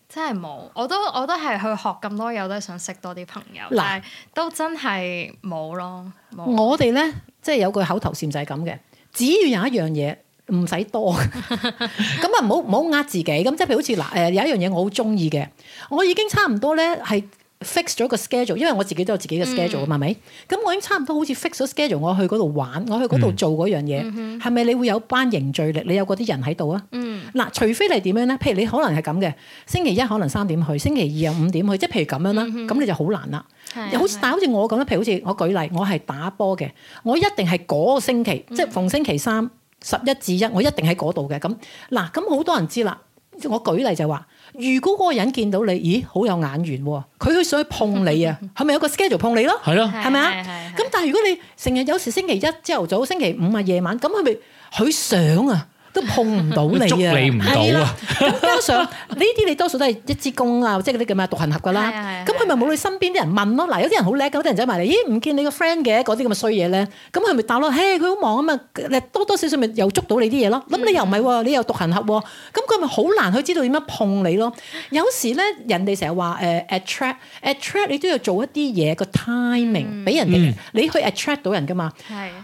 真係冇，我都我都係去學咁多嘢，都係想識多啲朋友，嘞但係都真係冇咯。我哋咧，即係有句口頭禪就係咁嘅，只要有一樣嘢。唔使多，咁啊唔好呃自己，咁即係譬如好似嗱，誒有一樣嘢我好中意嘅，我已經差唔多咧係 fix 咗個 schedule，因為我自己都有自己嘅 schedule 啊嘛，咪，咁我已經差唔多好似 fix 咗 schedule，我去嗰度玩，我去嗰度做嗰樣嘢，係咪你會有班凝聚力？你有嗰啲人喺度啊？嗱，除非你點樣咧？譬如你可能係咁嘅，星期一可能三點去，星期二啊五點去，即係譬如咁樣啦，咁你就好難啦。好似，但係好似我咁咧，譬如好似我舉例，我係打波嘅，我一定係嗰個星期，即係逢星期三。十一至一，我一定喺嗰度嘅。咁嗱，咁好多人知啦。我舉例就話，如果嗰個人見到你，咦，好有眼緣喎、啊，佢去想去碰你啊，係咪 有個 schedule 碰你咯？係咯是、啊吧，係咪啊？咁但係如果你成日有時星期一朝頭早、星期五啊夜晚，咁係咪佢想啊？都碰唔到你啊！係啦、啊， 咁加上呢啲你多數都係一支公啊，即係嗰啲咁啊獨行俠噶啦。咁佢咪冇你身邊啲人問咯？嗱， 有啲人好叻，有啲人走埋嚟，咦？唔見你個 friend 嘅嗰啲咁嘅衰嘢咧，咁佢咪答咯？嘿，佢好忙啊嘛！嗱，多多少少咪又捉到你啲嘢咯。咁你又唔係喎，你又獨行俠喎，咁佢咪好難去知道點樣碰你咯？有時咧，人哋成日話誒、uh, attract，attract 你都要做一啲嘢，個 timing 俾、嗯、人哋，嗯、你去 attract 到人㗎嘛？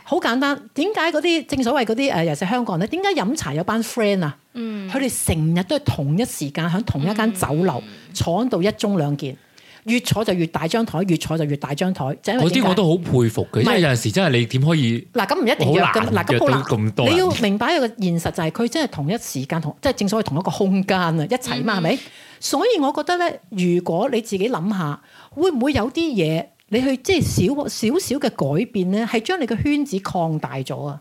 好對 簡單，點解嗰啲正所謂嗰啲誒尤其香港人咧？點解飲。茶有班 friend 啊，佢哋成日都係同一時間喺同一間酒樓、嗯、坐到一盅兩件，越坐就越大張台，越坐就越大張台。嗰、就、啲、是、我都好佩服嘅，是因為有陣時真係你點可以嗱？咁唔一定要，咁嗱，咁多，你要明白一個現實就係、是、佢真係同一時間同，即係正所謂同一個空間啊，一齊嘛，係咪、嗯？所以我覺得咧，如果你自己諗下，會唔會有啲嘢你去即係少少少嘅改變咧，係將你嘅圈子擴大咗啊？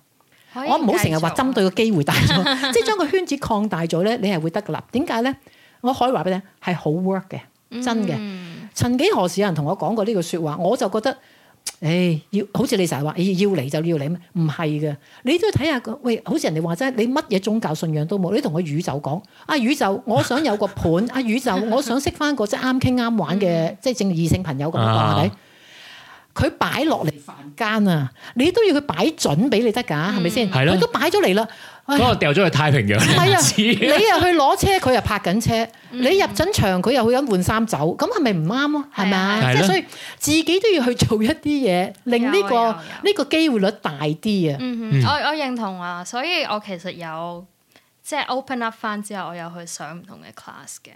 啊、我唔好成日話針對個機會大咗， 即係將個圈子擴大咗咧，你係會得噶啦。點解咧？我可以話俾你聽係好 work 嘅，真嘅。嗯、曾幾何時有人同我講過呢句說話，我就覺得，誒，要好似你成日話，誒，要嚟就要嚟咩？唔係嘅，你都要睇下喂，好似人哋話齋，你乜嘢宗教信仰都冇，你同個宇宙講，啊，宇宙，我想有個伴， 啊，宇宙，我想識翻個即係啱傾啱玩嘅，即係 正異性朋友咁講，係咪？佢擺落嚟凡間啊，你都要佢擺準俾你得㗎，係咪先？係咯。佢都擺咗嚟啦。嗰個掉咗去太平洋。係啊，你又去攞車，佢又拍緊車。你入準場，佢又去緊換衫走。咁係咪唔啱咯？係咪啊？即係所以自己都要去做一啲嘢，令呢個呢個機會率大啲啊！嗯嗯，我我認同啊，所以我其實有即係 open up 翻之後，我有去上唔同嘅 class 嘅。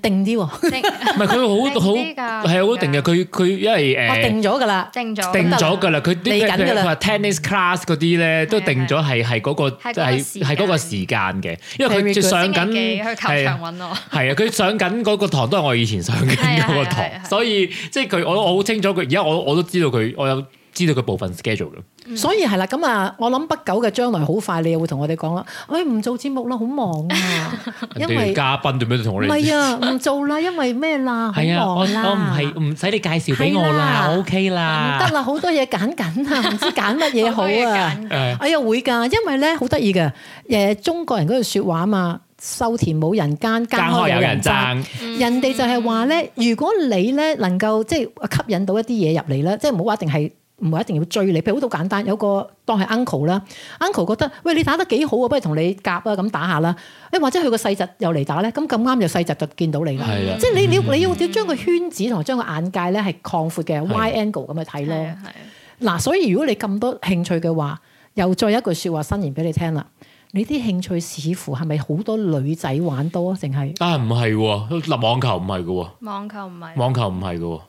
定啲喎，唔係佢好好係好定嘅，這個，佢佢因為誒，我定咗㗎啦，定咗，定咗㗎啦，佢啲佢話 tennis class 嗰啲咧都定咗係係嗰個係係嗰個時間嘅，因為佢上緊去球場係啊，佢上緊嗰個堂都係我以前上緊嗰個堂，所以即係佢我我好清楚佢，而家我我都知道佢我有。知道佢部分 schedule 嘅，嗯、所以係啦，咁啊，我諗不久嘅將來好快你，你又會同我哋講啦。唉唔做節目啦，好忙啊，因為嘉賓做咩同我哋？唔係啊，唔做啦，因為咩啦？係啊，啊，我唔係唔使你介紹俾我啦，OK 啦，唔得啦，好多嘢揀緊啊，唔知揀乜嘢好啊。哎呀呦，會噶，因為咧好得意嘅，誒、呃，中國人嗰句說話啊嘛，收田冇人耕，耕開有人爭。嗯、人哋就係話咧，如果你咧能夠即係吸引到一啲嘢入嚟咧，即係唔好話定係。唔一定要追你，譬如好都簡單，有個當係 uncle 啦，uncle 覺得喂你打得幾好啊，不如同你夾啊咁打下啦，誒或者佢個細侄又嚟打咧，咁咁啱就細侄就見到你啦，是的 即係你你你要你要將個圈子同埋將個眼界咧係擴闊嘅 y i d e angle 咁去睇咯，嗱、啊，所以如果你咁多興趣嘅話，又再一句説話申言俾你聽啦，你啲興趣似乎係咪好多女仔玩多，淨係？啊唔係，立網球唔係嘅喎，網球唔係，網球唔係嘅，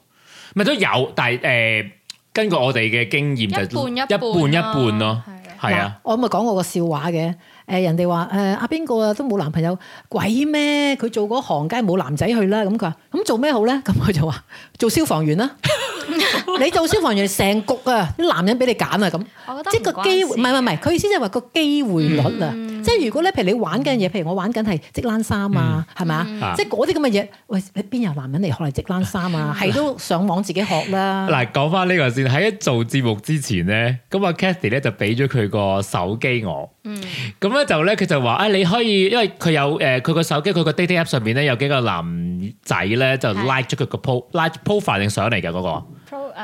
咪都有，但係誒。呃根據我哋嘅經驗，就一半一半咯，係啊的！的我咪講過個笑話嘅，誒人哋話誒阿邊個啊都冇男朋友，鬼咩？佢做嗰行街，梗係冇男仔去啦。咁佢話：咁做咩好咧？咁佢就話：做消防員啦！ 你做消防員成局啊，啲男人俾你揀啊咁。即係個機會唔係唔係唔係，佢意思就係話個機會率啊。嗯即係如果咧，譬如你玩緊嘢，譬如我玩緊係織冷衫啊，係咪啊？吧嗯、即係嗰啲咁嘅嘢，喂，邊有男人嚟學嚟織冷衫啊？係 都上網自己學啦。嗱 講翻呢、呢個先，喺做節目之前咧，咁阿 Kathy 咧就俾咗佢個手機我，咁咧、嗯、就咧佢就話啊、哎，你可以因為佢有誒，佢、呃、個手機佢個 dating app 上邊咧有幾個男仔咧就 like 咗佢個 po like profile 影上嚟嘅嗰個。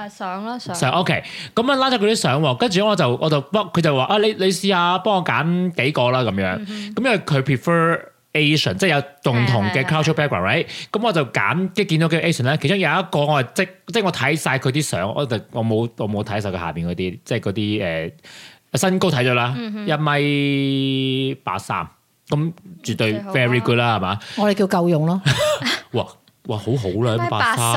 誒相啦，相 OK。咁啊，拉咗佢啲相，跟住我就我就幫佢就話啊，你你試下幫我揀幾個啦咁樣。咁因為佢 prefer Asian，即係有共同嘅 cultural background，right？咁我就揀即係見到嘅 Asian 咧。其中有一個我即即我睇曬佢啲相，我就我冇我冇睇曬佢下邊嗰啲，即係嗰啲誒身高睇咗啦，一米八三，咁絕對 very good 啦，係嘛？我哋叫夠用咯。哇哇，好好啦，一米八三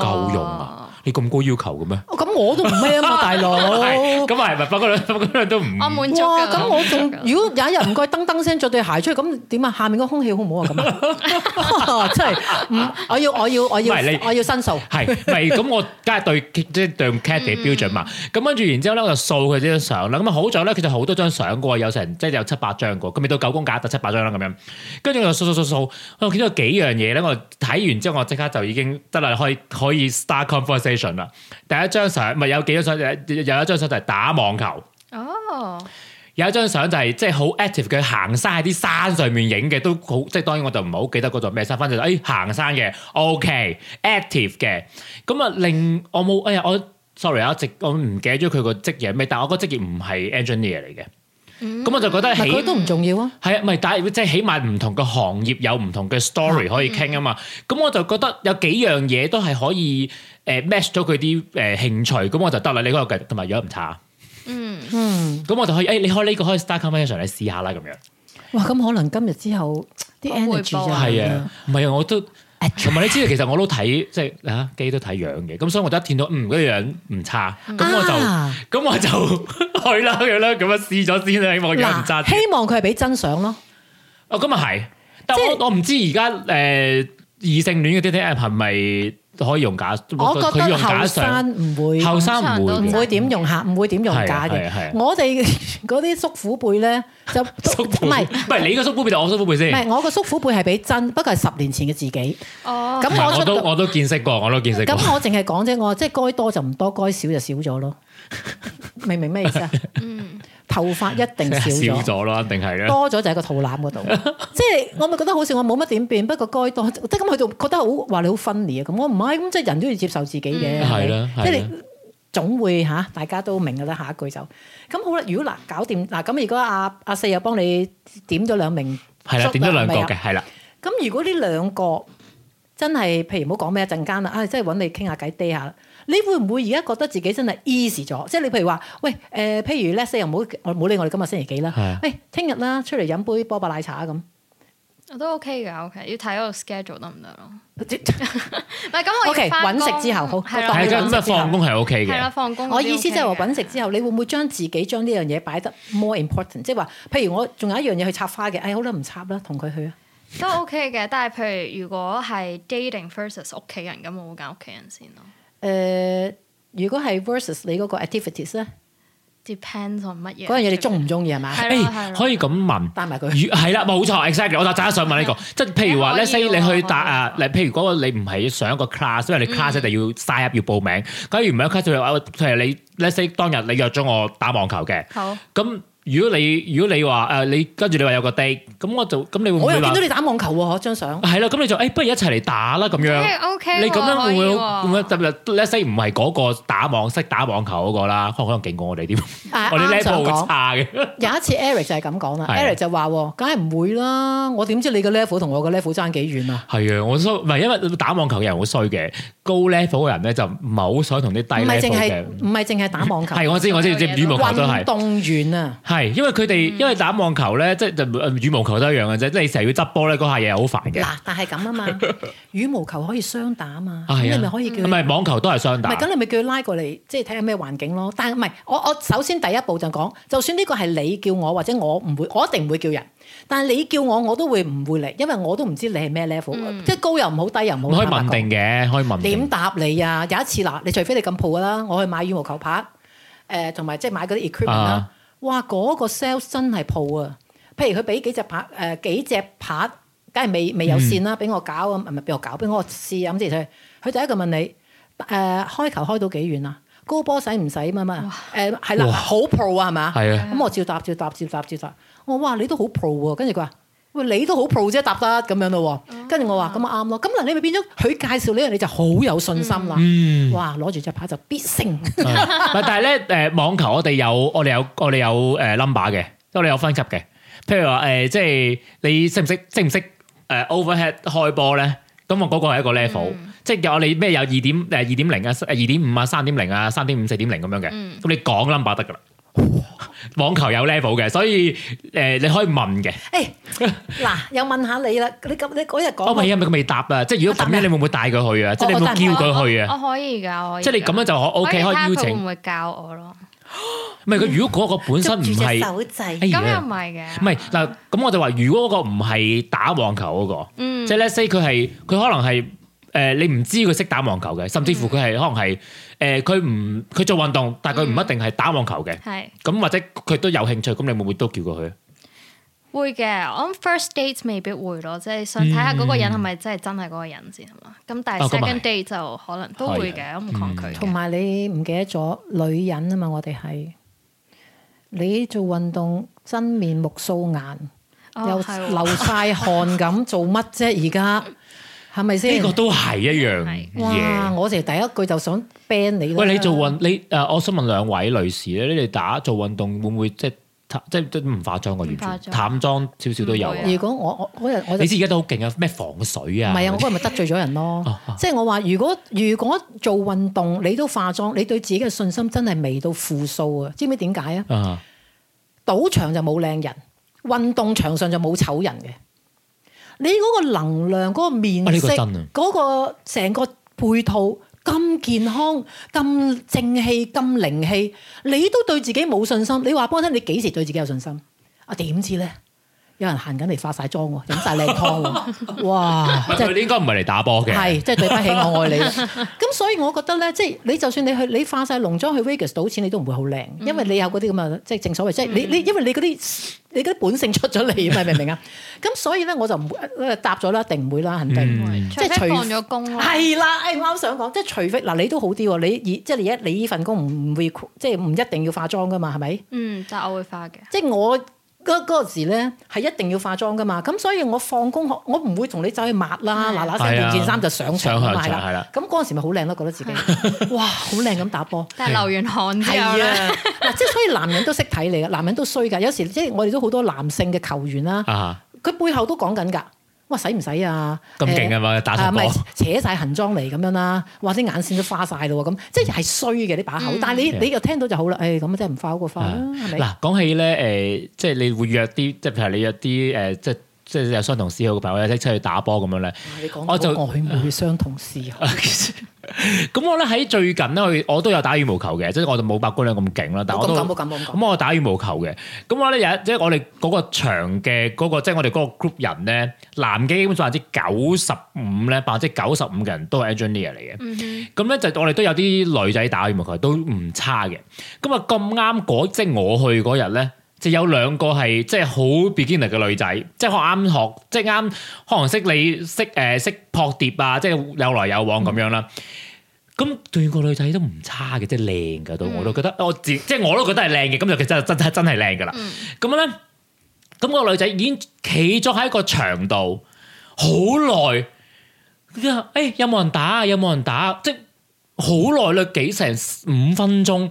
夠用啊！咁高要求嘅咩？咁、哦、我都唔咩啊，嘛，大佬。咁係咪？八公里、八公里都唔我滿足，咁我仲，如果有一日唔該噔噔聲着對鞋出去，咁點啊？下面個空氣好唔好啊？咁 啊，真係。我要我要是我要你我要申訴。係咪？咁我梗係對即係、就是、對 Cathy 嘅標準嘛。咁跟住，然之後咧我就掃佢啲相啦。咁啊，好在咧，其實好多張相噶，有成即係、就是、有七八張噶。咁未到九宮格得七八張啦，咁樣。跟住我就掃掃掃掃，我見到幾樣嘢咧。我睇完之後，我即刻就已經得啦，可以可以 start conversation。啦，第一張相咪有幾多張相，有一張相就係打網球，哦，有一張相就係即係好 active，佢行山喺啲山上面影嘅，都好即係。當然我就唔係好記得嗰座咩山，反正誒行山嘅，OK，active 嘅。咁、okay，啊，令我冇哎呀，我 sorry 啊、哎，我直我唔記得咗佢個職業咩，但係我個職業唔係 engineer 嚟嘅。咁我就覺得起都唔重要啊。係啊，唔係但係即係，起碼唔同嘅行業，有唔同嘅 story，可以傾啊嘛。咁我就覺得，有幾樣嘢都係可以 match 咗佢啲興趣同埋你知道，道其實我都睇，即係吓，機都睇樣嘅，咁所以我都見到，嗯，嗰樣唔差，咁我就，咁、啊、我就去啦，去啦，咁樣試咗先啦，希望認真、啊。希望佢係俾真相咯。哦，咁啊係，但我我唔知而家誒異性戀嘅啲啲 app 係咪？可以用假，我覺得後生唔會，後生唔會，唔會點用嚇，唔會點用假嘅。我哋嗰啲叔父輩咧就，唔係唔係你個叔父輩定我叔父輩先？唔係我個叔父輩係比真，不過係十年前嘅自己。哦，咁我都我都見識過，我都見識。咁我淨係講啫，我即係該多就唔多，該少就少咗咯。明唔明咩意思啊？嗯。頭髮一定少咗，少咗咯，定係咧多咗就喺個肚腩嗰度。即係、 就是、我咪覺得好似我冇乜點變，不過該當即係咁佢就覺得好話你好 funny 啊。咁我唔係咁即係人都要接受自己嘅，係啦、嗯，即係總會嚇大家都明㗎啦。下一句就咁好啦。如果嗱搞掂嗱咁，如果阿阿四又幫你點咗兩名，係啦了，點咗兩個嘅，係啦。咁如果呢兩個真係，譬如唔好講咩，一陣間啦，啊，即係揾你傾下偈，低下。你會唔會而家覺得自己真係 easy 咗？即係你譬如話，喂誒、呃，譬如咧，星期日唔好理我哋今日星期幾啦。是的 喂，聽日啦，出嚟飲杯波霸奶茶咁。我都 OK 嘅，OK，要睇個 schedule 得唔得咯？唔係咁，我揾食之後，好係啦。咁啊對，放工係 OK 嘅。係啦，放工、OK。我意思即係話揾食之後，你會唔會將自己將呢樣嘢擺得 more important？、嗯、即係話，譬如我仲有一樣嘢去插花嘅，哎，好啦，唔插啦，同佢去啊。都 OK 嘅，但係譬如如果係 dating versus 屋企人咁，我會揀屋企人先咯。 誒，如果係 versus 你嗰個 activities 咧，depends on 乜嘢？嗰樣嘢你中唔中意係嘛？係可以咁問，帶埋佢。係啦，冇錯，exactly。我就陣間想問呢個，即係譬如話，let's say 你去打啊，譬如嗰個你唔係上一個 class，因為你 class 一定要 sign up 要報名。假如唔係 class 嘅話，譬如你 let's say 當日你約咗我打網球嘅，好咁。如果你如果你話，誒、呃、你跟住你話有個 day 咁我就咁你會唔會我又見到你打網球喎，嗬張相係啦，咁你就誒、欸、不如一齊嚟打啦咁樣，O Okay , K okay, 你咁樣會唔 okay, 會？你識唔係嗰個打網識打網球嗰個啦？可唔可能勁過我哋啲？哎、 我哋 level 差嘅。有一次 Eric 就係咁講啦，Eric 就話，梗係唔會啦，我點知你嘅 level 同我嘅 level 爭幾遠啊？係啊，我衰唔係因為打網球嘅人好衰嘅。高 level 嘅人咧就唔係好想同啲低 level 唔係淨係打網球，係我知，我知知羽毛球都係。運動員啊，係因為佢哋、嗯、因為打網球咧，即係羽毛球都一樣嘅啫，即係你成日要執波咧，嗰下嘢好煩嘅。嗱，但係咁啊嘛， 羽毛球可以雙打啊嘛，咁、啊、你咪可以叫，唔係網球都係雙打，唔咁你咪叫佢拉過嚟，即係睇下咩環境咯。但係唔係我我首先第一步就講，就算呢個係你叫我或者我唔會，我一定唔會叫人。但係你叫我，我都會唔會嚟，因為我都唔知你係咩 level、嗯、即高又唔好，低又唔好、嗯。可以問定嘅，可以問定。點答你啊？有一次嗱，你除非你咁 pro 㗎啦，我去買羽毛球拍，誒同埋即係買嗰啲 equipment 啦。啊、哇，嗰、嗰個 sales 真係 pro 啊！譬如佢俾幾隻拍，誒、呃、幾隻拍，梗係未未有線啦，俾我搞咁，咪咪俾我搞，俾我試啊咁之類。佢第一個問你誒、呃、開球開到幾遠、呃、哇 哇 啊？高波使唔使乜乜誒？係啦，好 pro 啊，係嘛？係啊。咁我照答、照、嗯、答、照、嗯、答。照答。我話你都好 pro 喎，跟住佢話：喂，你都好 pro 啫，答得咁樣咯、啊、喎。跟住我話：咁啊啱咯。咁嗱，你咪變咗佢介紹呢樣，你就好有信心啦。嗯、哇！攞住隻牌就必勝。嗯、但係咧，誒網球我哋有，我哋有，我哋有誒 number 嘅，即、呃、我哋有分級嘅。譬如話誒、呃，即係你識唔識識唔識誒 overhead 開波咧？咁我嗰個係一個 level，、嗯、即係我哋咩有二點誒二點零啊，二點五啊，三點零啊，三點五四點零咁樣嘅。咁、嗯、你講 number 得㗎啦。網球有 level 嘅，所以誒你可以問嘅。誒，嗱，又問下你啦。你今你嗰日講，我未未答啊。即係如果咁樣，你會唔會帶佢去啊？即係你會叫佢去啊？我可以噶，即係你咁樣就 OK 可以邀請。會唔會教我咯？唔係佢如果嗰個本身唔係手仔，咁又唔係嘅。唔係嗱，咁我就話如果嗰個唔係打網球嗰個，即係 let’s say 佢係佢可能係誒，你唔知佢識打網球嘅，甚至乎佢係可能係。誒，佢唔佢做運動，但係佢唔一定係打網球嘅。係咁或者佢都有興趣，咁你會唔會都叫過佢？會嘅，我諗 first date 未必會咯，即係想睇下嗰個人係咪真係真係嗰個人先係嘛。咁但係 second date 就可能都會嘅，我唔抗拒。同埋你唔記得咗女人啊嘛？我哋係你做運動真面目、素顏又流晒汗咁，做乜啫而家？係咪先？呢個都係一樣嘢。哇！我成第一句就想 ban 你。喂，你做運你誒、呃？我想問兩位女士咧，你哋打做運動會唔會即係即係都唔化妝嘅？完全唔化妝淡妝少少，少都有、啊。有如果我我嗰日我你知而家都好勁啊！咩防水啊？唔係啊！嗰日咪得罪咗人咯。即係 我話，如果如果做運動你都化妝，你對自己嘅信心真係微到負數啊！知唔知點解啊？Uh huh. 賭場就冇靚人，運動場上就冇醜人嘅。你嗰個能量、嗰、嗰個面色、嗰、啊嗰個成個配套咁健康、咁正氣、咁靈氣，你都對自己冇信心。你話俾我聽你幾時對自己有信心？我點知呢？有人行緊嚟化晒妝喎，飲晒靚湯喎，哇！佢應該唔係嚟打波嘅，係即係對不起，我愛你。咁 所以我覺得咧，即、就、係、是、你就算你去，你化晒濃妝去 Vegas 賭錢，你都唔會好靚，因為你有嗰啲咁嘅，即係正所謂，嗯、即係你你，因為你嗰啲你啲本性出咗嚟啊，嗯、明唔明啊？咁 所以咧，我就唔會搭咗啦，一定唔會啦，肯定即係除非放咗工、啊，係啦。誒，我啱想講，即係除非嗱，你都好啲喎，你以即係而家你呢、就是、份工唔唔 require 即係唔一定要化妝噶嘛，係咪？嗯，但係我會化嘅。即係我。嗰嗰陣時咧係一定要化妝㗎嘛，咁所以我放工我我唔會同你走去抹啦，嗱嗱聲件件衫就上場賣啦。咁嗰陣時咪好靚咯，覺得自己 哇，好靚咁打波，但係流完汗之後咧的，嗱即係所以男人都識睇你嘅，男人都衰㗎。有時即係我哋都好多男性嘅球員啦，佢背後都講緊㗎。哇！使唔使啊？咁勁啊嘛！打場波，啊，扯晒行裝嚟咁樣啦，或者眼線都花晒咯喎，咁即係係衰嘅你把口。嗯、但係你你又聽到就好啦，誒咁、嗯哎、啊，即係唔化好過化係咪？嗱、啊，講起咧誒、呃，即係你約啲，即係譬如你約啲誒，即即有相同嗜好嘅朋友一齊出去打波咁樣咧。我就唔貌相同嗜好。 咁 我咧喺最近咧，我我都有打羽毛球嘅，即係我就冇白姑娘咁勁啦，但係我都咁， 我打羽毛球嘅，咁我咧有即係、就是、我哋嗰個場嘅嗰、個，即、就、係、是、我哋嗰個 group 人咧，男嘅基本上百分之九十五咧，百分之九十五嘅人都係 engineer 嚟嘅，咁咧就我哋都有啲女仔打羽毛球，都唔差嘅，咁啊咁啱嗰即係我去嗰日咧。就有兩個係即係好 beginner 嘅女仔，即係學啱學，即係啱可能識你識誒識撲碟啊，即係有來有往咁樣啦。咁仲有個女仔都唔差嘅，即係靚噶，都、嗯、我都覺得我自即係我都覺得係靚嘅，咁就其實真真係真係靚噶啦。咁、嗯、樣咧，咁、嗰個女仔已經企咗喺個牆度好耐，之、哎、有冇人打？有冇人打？即係好耐啦，幾成五分鐘。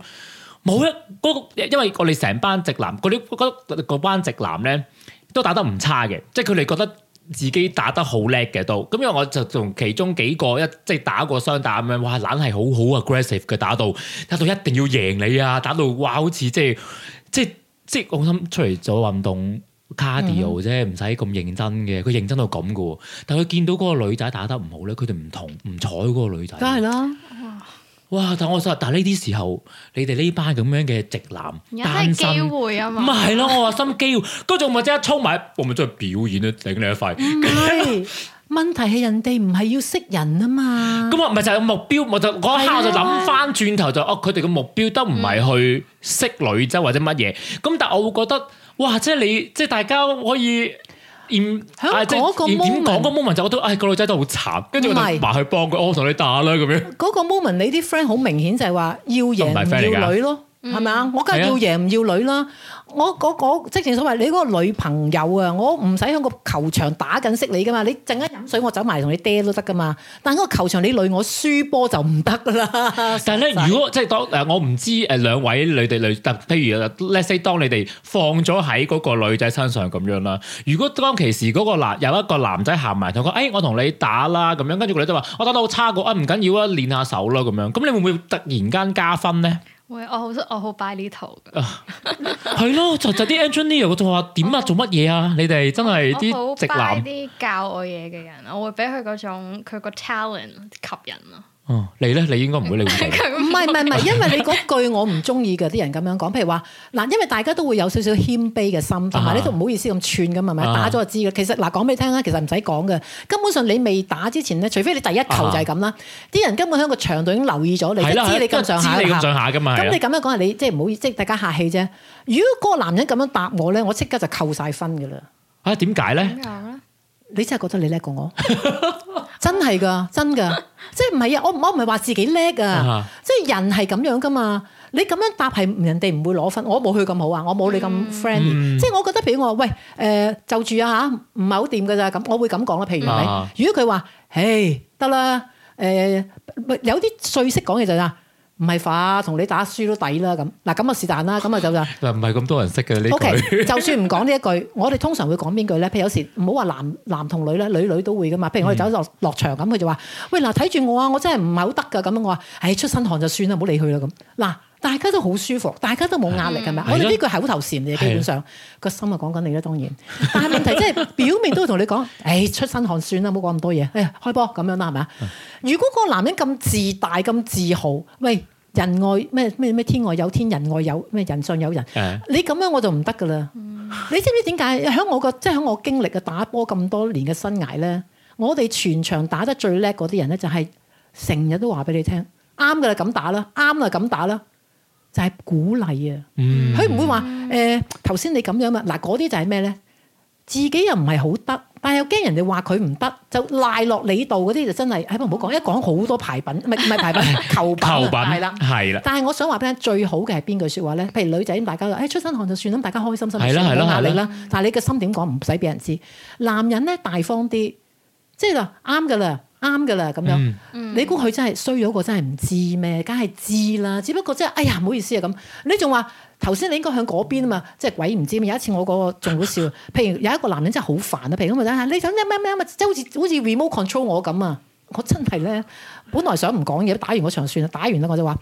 冇一嗰因為我哋成班直男，嗰啲我覺得嗰班直男咧都打得唔差嘅，即係佢哋覺得自己打得好叻嘅都。咁因為我就同其中幾個一即係打過雙打咁樣，哇，攬係好好 aggressive 嘅打到，打到一定要贏你啊！打到哇，到好似即係即係即係我諗出嚟做運動 cardio 啫，唔使咁認真嘅。佢認真到咁嘅，但係佢見到嗰個女仔打得唔好咧，佢哋唔同唔睬嗰個女仔。梗係啦。哇！但我想話，但係呢啲時候，你哋呢班咁樣嘅直男單身，機會啊嘛？唔係咯？我話心機會，嗰種咪即係衝埋，我咪出去表演咧，整你一塊。問題係人哋唔係要識人啊嘛。咁我唔係就係目標，刻我就我一下就諗翻轉頭就哦，佢哋嘅目標都唔係去識女仔、嗯、或者乜嘢。咁但係我會覺得哇，即係你即係大家可以。點響嗰個 moment？點講個 moment 就覺得，哎，個女仔都好慘，跟住我哋嘛去幫佢，我同你打啦咁樣。嗰個 moment 你啲 friend 好明顯就係話要贏唔要女咯。係咪啊？我梗係要贏唔要女啦！我嗰、那、嗰、個、即係正所謂，你嗰個女朋友啊，我唔使喺個球場打緊識你噶嘛！你陣間飲水，我走埋同你嗲都得噶嘛！但係嗰個球場，你累我，我輸波就唔得啦。 但係咧，如果即係當誒、呃、我唔知誒、呃、兩位女地女，特譬如 let's say 當你哋放咗喺嗰個女仔身上咁樣啦。如果當其時嗰個男有一個男仔行埋同佢講：，誒，我同你打啦咁樣。跟住佢就話：我打得好差過，啊，唔緊要啊，練下手啦咁樣。咁你會唔會突然間加分咧？喂，我好，我好 buy 呢套嘅、啊，係咯， 就就啲 engineer，我仲話點啊， 做乜嘢啊？你哋真係啲我直男，啲教我嘢嘅人，我會俾佢嗰種佢個 talent 吸引咯、啊。哦，你咧，你應該唔會理我。唔係唔係唔係，因為你嗰句我唔中意嘅啲人咁樣講，譬如話嗱，因為大家都會有少少謙卑嘅心，同埋你都唔好意思咁串㗎，係咪？打咗就知嘅。其實嗱，講俾你聽啦，其實唔使講嘅。根本上你未打之前咧，除非你第一球就係咁啦。啲人根本喺個場度已經留意咗你，知你咁上下。知你咁上下㗎嘛。咁你咁樣講你，即係唔好意思，即係大家客氣啫。如果嗰個男人咁樣答我咧，我即刻就扣晒分㗎啦。嚇？點解咧？你真係覺得你叻過我？真係噶，真噶，即係唔係啊？我我唔係話自己叻噶，即係人係咁樣噶嘛。你咁樣答係人哋唔會攞分，我冇佢咁好啊，我冇你咁 friendly。即係我覺得，譬如我話喂，誒就住啊吓，唔係好掂噶咋？咁我會咁講啦。譬如你，如果佢話，誒得啦，誒有啲最識講嘢就啦。唔係話，同你打輸都抵啦咁。嗱咁啊是但啦，咁啊走就嗱唔係咁多人識嘅呢句。O Okay , K， 就算唔講呢一句，我哋通常會講邊句咧？譬如有時唔好話男男同女咧，女女都會噶嘛。譬如我哋走落落、嗯、場咁，佢就話：喂嗱，睇住我啊，我真係唔係好得㗎咁樣。我話：唉，出身汗就算啦，唔好理佢啦咁。嗱。大家都好舒服，大家都冇壓力，係咪、嗯？吧我哋呢句係好頭禪嘅，基本上個的心啊講緊你啦，當然。但係問題即係表面都會同你講，誒、 哎、出身汗算啦，唔好講咁多嘢。誒、哎、開波咁樣啦，係咪啊？嗯、如果個男人咁自大、咁自豪，喂人外咩咩咩天外有天，人外有咩人上有人，的你咁樣我就唔得噶啦。嗯、你知唔知點解？喺我個即係喺我，我經歷嘅打波咁多年嘅生涯咧，我哋全場打得最叻嗰啲人咧，就係成日都話俾你聽，啱㗎啦，噉打啦，啱啊，噉打啦。就係鼓勵啊！佢唔、嗯、會話誒頭先你咁樣嘛嗱，嗰啲就係咩咧？自己又唔係好得，但係又驚人哋話佢唔得，就賴落你度嗰啲就真係，唉，唔好講，一講好多牌品，唔係唔係牌品，牌品 球品係啦係啦。但係我想話俾你聽，最好嘅係邊句説話咧？譬如女仔，大家誒、哎、出身汗就算啦」，大家開心心，係啦係啦，冇壓力啦。但係你嘅心點講？唔使俾人知。男人咧，大方啲，即係啦，啱㗎啦。啱噶啦，咁樣，嗯、你估佢真係衰咗個真係唔知咩？梗係知啦，只不過真係哎呀唔好意思啊咁。你仲話頭先你應該響嗰邊啊嘛，即係鬼唔知咩。有一次我嗰個仲好笑， 譬如有一個男人真係好煩啊，譬如咁啊，你想咩咩咩啊嘛，即係好似好似 remote control 我咁啊，我真係咧，本來想唔講嘢，打完嗰場算啦，打完啦我就話。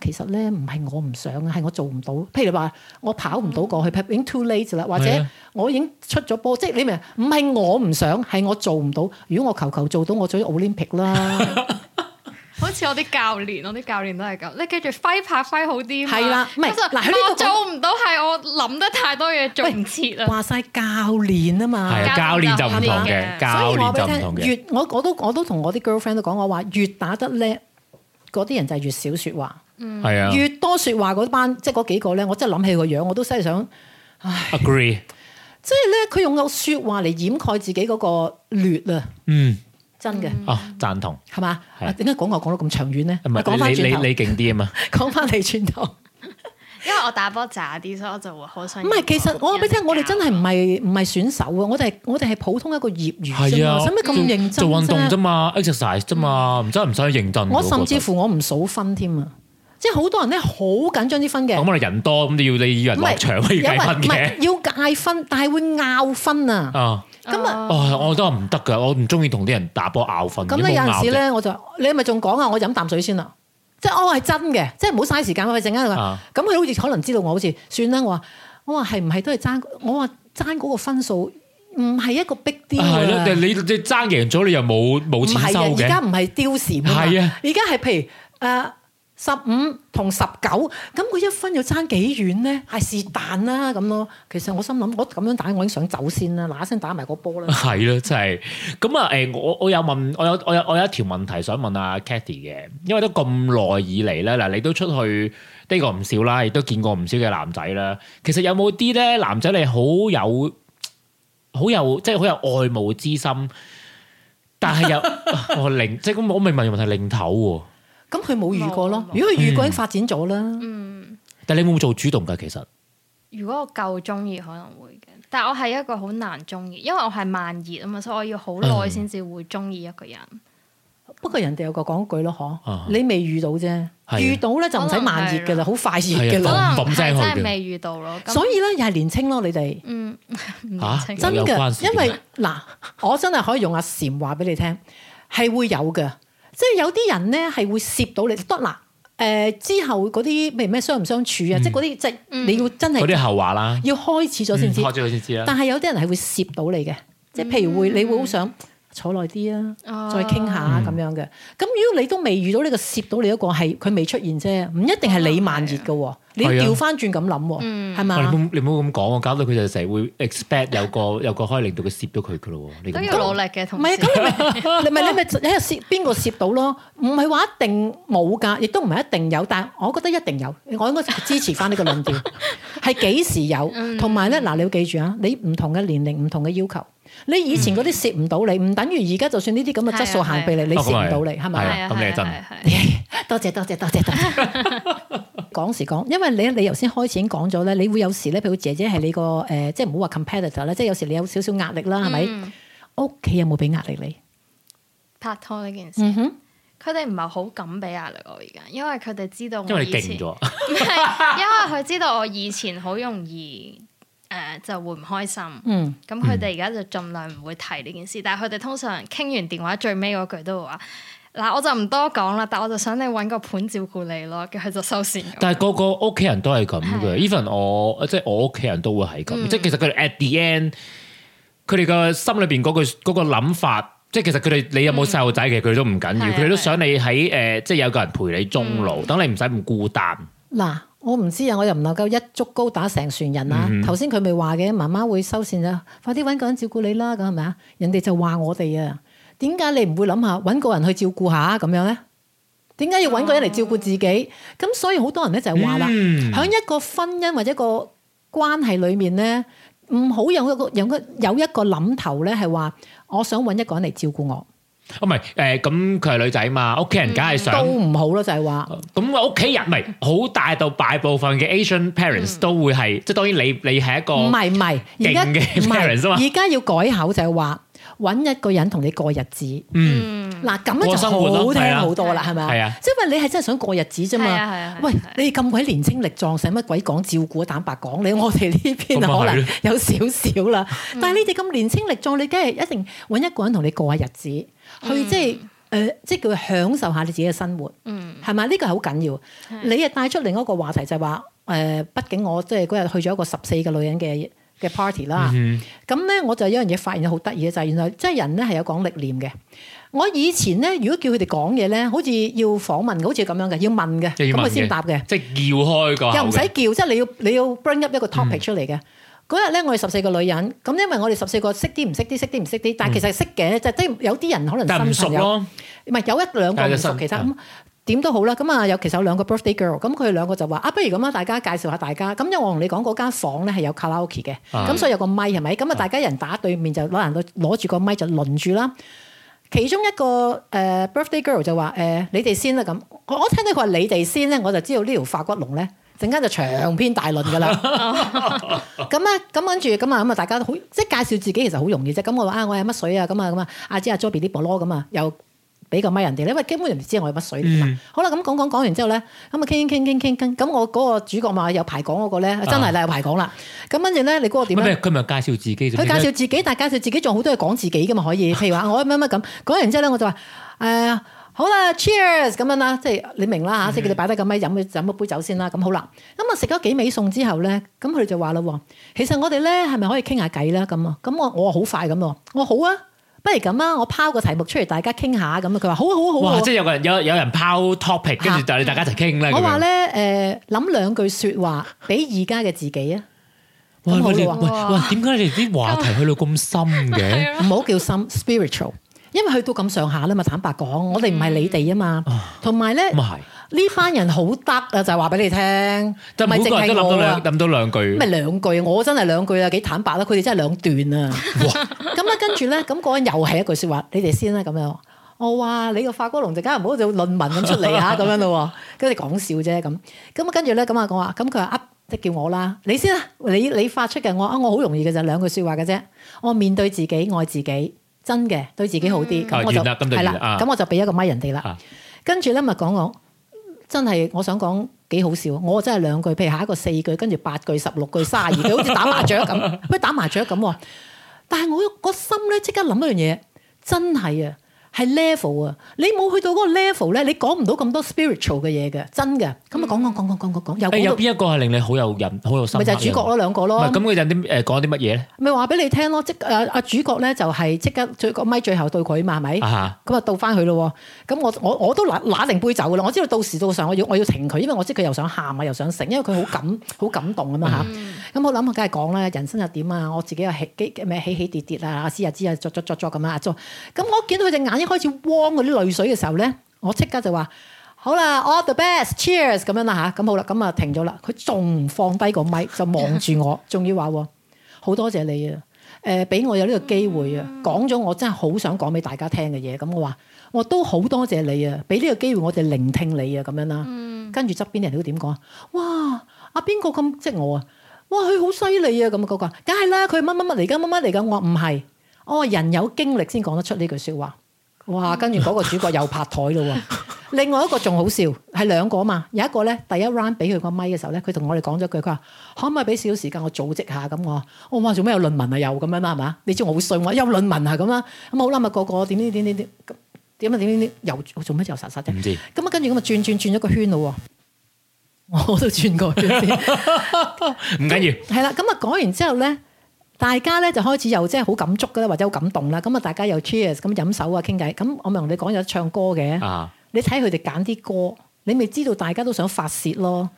其實咧唔係我唔想，係我做唔到。譬如話我跑唔到過去，已經 too late 啦。或者我已經出咗波，是啊、即係你明？唔係我唔想，係我做唔到。如果我求求做到，我做啲 Olympic 啦。 好似我啲教練，我啲教練都係咁。你記住揮拍揮好啲。係啦、啊，唔係嗱，我做唔到係喂我諗得太多嘢，做唔切啦。話晒教練啊嘛，教練就唔同嘅，教練就唔同嘅。越我我，我，我，我都我都同我啲 girlfriend 都講我話，越打得叻。嗰啲人就係越少説話，係啊、嗯，越多説話嗰班，即係嗰幾個咧，我真係諗起佢個樣，我都真係想，唉，agree，即係咧，佢用嗰説話嚟掩蓋自己嗰個劣啊，嗯，真嘅的，嗯、哦，贊同，係嘛吧？點解講我講到咁長遠咧？唔係講翻你，你你勁啲啊嘛？講翻你轉頭。 因為我打波渣啲，所以我就會好想。唔係，其實我話俾你聽，我哋真係唔係唔係選手喎，我哋我哋係普通一個業餘。係啊，使乜咁認真咧？做運動啫嘛，exercise 啫嘛，唔真係唔使去認真。我甚至乎我唔數分添啊！即係好多人咧好緊張啲分嘅。咁我哋人多，咁你要你以人落場要計分唔係要嗌分，但係會拗分啊！咁啊，我都話唔得噶，我唔中意同啲人打波拗分。咁有陣時咧，我就你係咪仲講啊？我飲啖水先啊？即係我係真嘅，即係唔好嘥時間去陣間咁，佢好似可能知道我好似算啦。我話我話係唔係都係爭？我話爭嗰個分數唔係一個逼啲啊！係咯，你你爭贏咗，你又冇冇錢收嘅。而家唔係丟閃啊！而家係譬如誒。呃十五同十九，咁佢一分要爭幾遠咧？係是但啦咁咯。其實我心諗，我咁樣打，我已經想走先啦，嗱一聲打埋個波啦。係咯，真係咁啊！誒，我我有問，我有我有我有一條問題想問阿 Cathy 嘅，因為都咁耐以嚟咧，嗱你都出去呢個唔少啦，亦都見過唔少嘅男仔啦。其實有冇啲咧男仔你好有好有即係好有愛慕之心，但係又我另即係咁，我未問問題擰頭喎。咁佢冇遇過咯，如果佢遇過已經發展咗啦。嗯，但係你會唔會做主動噶？其實，如果我夠中意可能會嘅，但我係一個好難中意，因為我係慢熱啊嘛，所以我要好耐先至會中意一個人。不過人哋有個講句咯，嗬，你未遇到啫，遇到咧就唔使慢熱嘅啦，好快熱嘅啦，即係未遇到咯。所以咧又係年青咯，你哋唔年青真嘅，因為嗱，我真係可以用阿禪話俾你聽，係會有嘅。即係有啲人咧係會攝到你，得嗱，誒、呃、之後嗰啲咩咩相唔相處啊。嗯、即係嗰啲即係你要真係嗰啲後話啦，嗯、要開始咗先知，嗯，開始先知啦。但係有啲人係會攝到你嘅，即係譬如會，嗯嗯你會好想。坐耐啲啊，再傾下咁樣嘅。咁如果你都未遇到呢個攝到你一個係佢未出現啫，唔一定係你慢熱嘅。你要調翻轉咁諗，係咪啊？你唔你唔好咁講喎，搞到佢就成日會 expect 有個有個可以令到佢攝到佢嘅咯。咁要努力嘅同唔係啊？咁你咪你咪你咪睇下攝邊個攝到咯？唔係話一定冇㗎，亦都唔係一定有。但係我覺得一定有，我應該支持翻呢個論調。係幾時有？同埋咧，嗱，你要記住啊，你唔同嘅年齡，唔同嘅要求。你以前嗰啲食唔到你，唔等於而家就算呢啲咁嘅質素限俾你，你食唔到你係咪？咁你真係 多謝、多謝、多謝、多謝。講 時講，因為你你由先開始已經講咗咧，你會有時咧，譬如姐姐係你個誒、呃，即係唔好話 competitor 咧，即係有時你有少少壓力啦，係咪？屋企、嗯，okay, 有冇俾壓力你？嗯、哼拍拖呢件事，佢哋唔係好敢俾壓力我而家，因為佢哋知道我以前因為，因為佢知道我以前好容易。誒，就會唔開心。嗯，咁佢哋而家就盡量唔會提呢件事，但係佢哋通常傾完電話最尾嗰句都會話：嗱，我就唔多講啦，但係我就想你揾個伴照顧你咯。叫佢就收線。但係個個屋企人都係咁嘅，even 我即係我屋企人都會係咁。即係其實佢哋 at the end，佢哋個心裏邊嗰句嗰個諗法，即係其實佢哋你有冇細路仔嘅佢都唔緊要，佢哋都想你喺誒，即係有個人陪你終老，等你唔使咁孤單。嗱。我唔知啊，我又唔能夠一竹篙打成船人啊。頭先佢咪話嘅，媽媽會收線啦，快啲搵個人照顧你啦，咁係咪啊？人哋就話我哋啊，點解你唔會諗下搵個人去照顧下咁樣呢？點解要搵個人嚟照顧自己？咁、啊、所以好多人咧就係話啦，喺、嗯、一個婚姻或者一個關係裡面呢，唔好有一個有有一個諗頭咧，係話我想搵一個人嚟照顧我。唔係誒，咁佢係女仔嘛？屋企人梗係想都唔好咯，就係話咁屋企人唔係好大到，大部分嘅 Asian parents 都會係即係當然，你你係一個唔係唔係勁嘅 parents 嘛？而家要改口就係話揾一個人同你過日子。嗯，嗱咁就好聽好多啦，係咪？係啊，因為你係真係想過日子啫嘛。係啊，係啊。喂，你咁鬼年輕力壯，使乜鬼講照顧啊？坦白講你，我哋呢邊可能有少少啦。但係你哋咁年輕力壯，你梗係一定揾一個人同你過下日子。去、嗯、即係，誒、呃，即係叫佢享受下你自己嘅生活，係咪、嗯？呢、這個係好緊要。是的 你又帶出另一個話題就係、是、話，誒、呃，畢竟我即係嗰日去咗一個十四個女人嘅嘅 party 啦、嗯哼。咁咧我就有樣嘢發現咗好得意嘅就係、是，原來即係人咧係有講歷練嘅。我以前咧如果叫佢哋講嘢咧，好似要訪問，好似咁樣嘅，要問嘅，咁佢先答嘅，即係叫開㗎，又唔使叫，即係你要你要，你要 bring up 一個 topic 出嚟嘅。嗯。嗰日咧，我哋十四個女人，咁因為我哋十四個識啲唔識啲，識啲唔識啲，但係其實識嘅，就即係有啲人可能但係唔熟，唔係有一兩個唔熟，其實點都好啦。咁啊，有其實、嗯、尤其有兩個 birthday girl，咁佢哋兩個就話啊，不如咁啊，大家介紹下大家。咁因為我同你講嗰間房咧係有卡拉 OK 嘅，咁、嗯、所以有個咪係咪？咁啊，大家人打對面就攞人攞住個咪就輪住啦。其中一個誒 birthday girl 就話誒、呃、你哋先啦咁，我我聽到佢話你哋先咧，我就知道條法國呢條化骨龍咧。陣間就長篇大論噶啦，咁咧，咁跟住咁啊咁啊，大家都好即係介紹自己其實好容易啫。咁我話啊，我係乜水啊，咁啊咁啊，阿姐啊 Jobby 啲婆羅咁啊，又俾個咪人哋，因為根本人哋知我係乜水。好啦，咁講講講完之後咧，咁啊傾傾傾傾傾傾，咁我嗰個主角嘛，有排講嗰個咧，真係啦，有排講啦。咁跟住咧，你嗰個點咧？佢咪介紹自己？佢介紹自己，但係介紹自己仲好多嘢講自己噶嘛，可以。譬如話我乜乜，咁講完之後咧，我就話誒。好啦，cheers 咁樣啦，即係你明啦吓，即係佢哋擺得咁咪飲咗飲咗杯酒先啦。咁好啦，咁啊食咗幾味餸之後咧，咁佢哋就話啦，其實我哋咧係咪可以傾下偈咧咁啊？咁我我好快咁喎，我好啊，不如咁啊，我拋個題目出嚟，大家傾下咁啊。佢話好好好。即係有個人有有人拋 topic，跟住就大家一齊傾啦。我話咧誒，諗兩句說話俾而家嘅自己啊，好唔好啊？喂，點解你哋啲話題去到咁深嘅？唔好叫深 spiritual。因為去到咁上下啦，咪坦白講，我哋唔係你哋啊嘛。同埋咧，呢班人好得啊，就話俾你聽，唔係淨係我啊。咁多兩句，咪兩句，我真係兩句啊，幾坦白啦。佢哋真係兩段啊。咁啊，跟住咧，咁嗰陣又係一句説話，你哋先啦咁樣。我話你個發哥龍就梗係唔好做論文咁出嚟嚇咁樣咯。跟住講笑啫咁。咁啊，跟住咧咁啊講話，咁佢話啊，即係叫我啦，你先啦，你你發出嘅我啊，我好容易嘅就兩句説話嘅啫。我面對自己，愛自己。真嘅對自己好啲，咁、嗯、我就係啦，咁我就俾一個咪人哋啦。跟住咧咪講講，真係我想講幾好笑。我真係兩句，譬如下一個四句，跟住八句、十六句、卅二句，好似打麻雀咁，好似 打麻雀咁喎。但係我個心咧即刻諗一樣嘢，真係啊，係 level 啊，你冇去到嗰個 level 咧，你講唔到咁多 spiritual 嘅嘢嘅，真嘅。咁啊，講講講講講講講，有有邊一個係令你好有癮、好有心？咪就係主角咯，兩個咯。咁佢就啲誒講啲乜嘢咧？咪話俾你聽咯，即誒阿主角咧就係即刻最個咪最後對佢啊嘛，係咪？啊！咁啊到翻去咯，咁我我我都拿拿定杯酒噶啦，我知道到時到時我要我要停佢，因為我知佢又想喊啊，又想成，因為佢好感好感動啊嘛嚇。咁我諗我梗係講啦，人生又點啊？我自己又起起咪起起跌跌啊，知啊知啊作作作作咁啊作。咁我見到佢隻眼一開始汪嗰啲淚水嘅時候咧，我即刻就話。好啦，all the best，cheers 咁樣啦、啊、吓，咁好啦，咁啊停咗啦，佢仲唔放低個咪，就望住我，仲要話好多謝你啊，誒、呃，俾我有呢個機會啊，講咗我真係好想講俾大家聽嘅嘢，咁我話我都好多謝你啊，俾呢個機會我哋聆聽你啊，咁樣啦、啊，跟住側邊啲人都點講啊？哇，阿邊個咁識我啊？哇，佢好犀利啊，咁嗰個，梗係啦，佢乜乜乜嚟噶，乜乜嚟噶，我話唔係，哦，人有經歷先講得出呢句說話，哇，跟住嗰個主角又拍台咯喎。 另外一個仲好笑，係兩個啊嘛，有一個咧第一 round 俾佢個咪嘅時候咧，佢同我哋講咗句，佢話可唔可以俾少少時間我組織下咁我，我話做咩有論文啊又咁樣啦係嘛？你知我好信我話有論文啊咁啦，咁好啦，咪個個點點點點點點點又做咩又實實啫？唔知咁啊跟住咁啊轉轉轉咗個圈咯喎，我都轉過，唔緊要。係啦，咁啊講完之後咧，大家咧就開始又即係好感觸噶啦，或者好感動啦，咁啊大家又 cheers 咁飲酒啊傾偈，咁我咪同你講有得唱歌嘅。你睇佢哋揀啲歌，你咪知道大家都想發泄咯。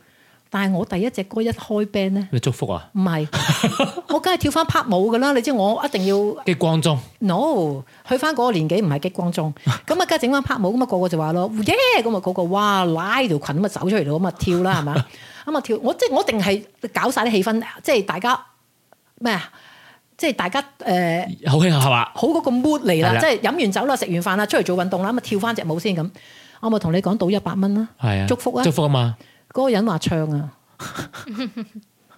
但係我第一隻歌一開 band 咧，咩祝福啊？唔係是， 我梗係跳翻拍舞噶啦。你知我一定要激光中。No，去翻嗰個年紀唔係激光中。咁啊，梗係整翻拍舞。咁啊，個個就話咯 yeah 咁啊，嗰個哇拉條裙咁啊，走出嚟咯，咁啊跳啦，係嘛？咁啊跳，我即係我定係搞晒啲氣氛，即係大家咩、呃、啊？即係大家誒，好氣候係嘛？好嗰個 mood 嚟啦，即係的飲完酒啦，食完飯啦，出嚟做運動啦，咁啊跳翻隻舞先咁。我咪同你講賭一百蚊啦，祝福啦，祝福嘛。嗰個人話唱啊，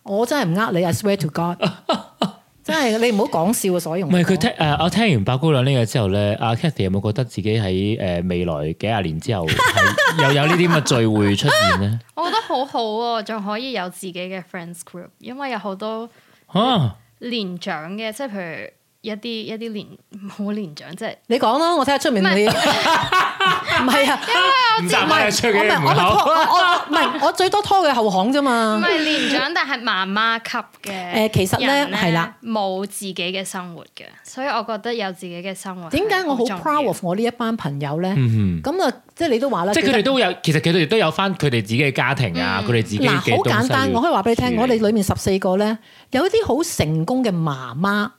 我真係唔呃你，I swear to God，真係你唔好講笑啊，所用。唔係佢聽誒，我聽完白姑娘呢個之後咧，阿 Cathy 有冇覺得自己喺誒未來幾廿年之後又有呢啲咁嘅聚會出現咧？我覺得好好哦，仲可以有自己嘅 friends group，因為有好多年長嘅，即係譬如。一啲一啲年好年長，即係你講啦，我睇下出面啲。唔係啊，因為我唔係我唔係我最多拖佢後行啫嘛。唔係年長，但係媽媽級嘅。誒，其實咧係啦，冇自己嘅生活嘅，所以我覺得有自己嘅生活。點解我好 proud of 我呢一班朋友咧？咁啊，即係你都話啦，即係佢哋都有，其實佢哋都有翻佢哋自己嘅家庭啊，佢哋自己，嗱，好簡單，我可以話俾你聽，我哋裏面十四個咧，有一啲好成功嘅媽媽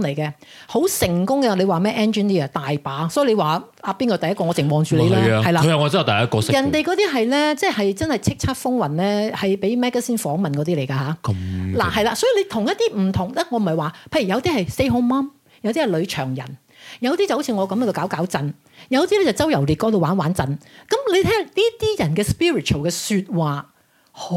嚟嘅，好成功嘅。你話咩 engineer 大把，所以你話阿邊個第一個，我淨望住你啦，係啦。佢係我真係第一個識。人哋嗰啲係咧，即係真係叱咤風雲咧，係俾 magazine 訪問嗰啲嚟噶吓。咁嗱係啦，所以你同一啲唔同咧，我唔係話，譬如有啲係 stay home mom，有啲係女強人，有啲就好似我咁喺度搞搞震，有啲咧就周遊列國度玩玩陣。咁你睇下呢啲人嘅 spiritual 嘅說話，好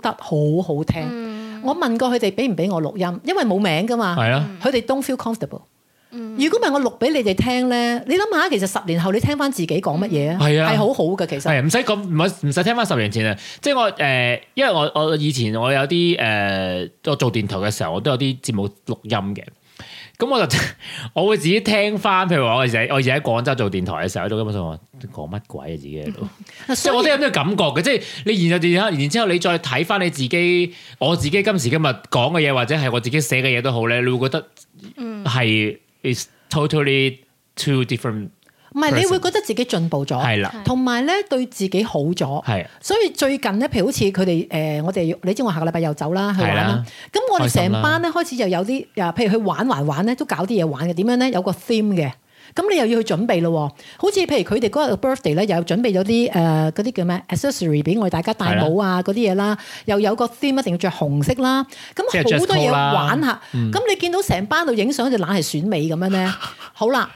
得好好聽。嗯我問過佢哋俾唔俾我錄音，因為冇名噶嘛。係啊，佢哋 don't feel comfortable、嗯。如果唔係我錄俾你哋聽咧，你諗下其實十年後你聽翻自己講乜嘢啊？係啊，係好好嘅其實。係唔使咁唔係唔使聽翻十年前啊！即係我誒、呃，因為我我以前我有啲誒、呃，我做電台嘅時候，我都有啲節目錄音嘅。咁我就我會自己聽翻，譬如話我而我而喺廣州做電台嘅時候喺度，根本上話講乜鬼啊！自己喺度， 即係我都有啲感覺嘅。即係你然後然後，然之後你再睇翻你自己，我自己今時今日講嘅嘢或者係我自己寫嘅嘢都好咧，你會覺得係、嗯、It's totally two different。唔係你會覺得自己進步咗，係啦，同埋咧對自己好咗，係。所以最近咧，譬如好似佢哋誒，我哋你知我下個禮拜又走啦去玩啦，係嘛？咁我哋成班咧開始又有啲，啊，譬如去玩還玩咧，都搞啲嘢玩嘅。點樣咧？有個 theme 嘅，咁你又要去準備咯。好似譬如佢哋嗰日嘅 birthday 咧，又準備咗啲誒嗰啲叫咩 accessory 俾我哋大家戴帽啊嗰啲嘢啦，又有個 theme 一定要着紅色啦。咁好多嘢玩下，咁你見到成班度影相就懶係選美咁樣咧，好啦。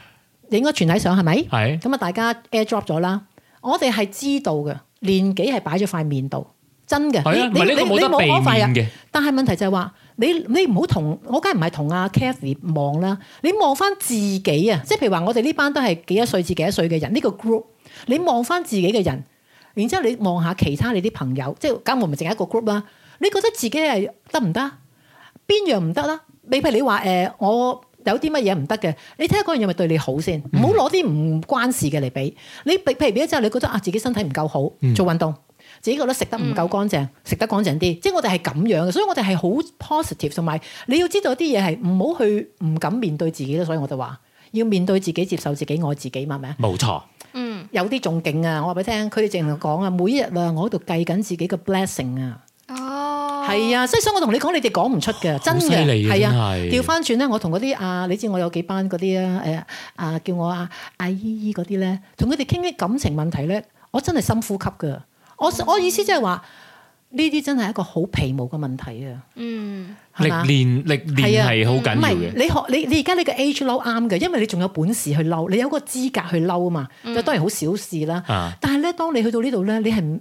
你應該全體上係咪？係咁啊！的大家 air drop 咗啦，我哋係知道嘅年紀係擺咗塊面度，真嘅。的你是你你冇得避嘅。的但係問題就係話，你你唔好同我，梗係唔係同阿 Cathy 望啦。你望翻自己啊，即係譬如話我哋呢班都係幾多歲至幾多歲嘅人呢，這個 group，你望翻自己嘅人，然之後你望下其他你啲朋友，即係咁我唔係淨係一個 group 啦、啊。你覺得自己係得唔得？邊樣唔得啦？你譬如你話誒、呃，我。有啲乜嘢唔得嘅，你睇下嗰樣嘢咪對你好先，唔好攞啲唔關事嘅嚟比。你譬如譬如咧，就你覺得啊，自己身體唔夠好，做運動，自己覺得食得唔夠乾淨，食得乾淨啲，即係我哋係咁樣嘅，所以我哋係好 positive，同埋你要知道一啲嘢係唔好去唔敢面對自己咯。所以我就話要面對自己，接受自己，愛自己，係咪啊？冇錯，嗯，有啲仲勁啊！我話俾你聽，佢哋淨係講啊，每一日啊，我喺度計緊自己嘅 blessing 啊。哦。係啊，即係所以我同你講，你哋講唔出嘅，真嘅係啊。調翻轉咧，我同嗰啲啊，你知我有幾班嗰啲啦，誒啊，啊，叫我啊阿姨姨嗰啲咧，同佢哋傾啲感情問題咧，我真係深呼吸噶。我我意思即係話，呢啲、嗯、真係一個好皮毛嘅問題啊，啊嗯。嗯，歷練歷練係好緊要。唔係你學你你而家你個 age 嬲啱嘅，因為你仲有本事去嬲，你有嗰個資格去嬲啊嘛。嗯，又當然好小事啦。但係咧，當你去到呢度咧，你係唔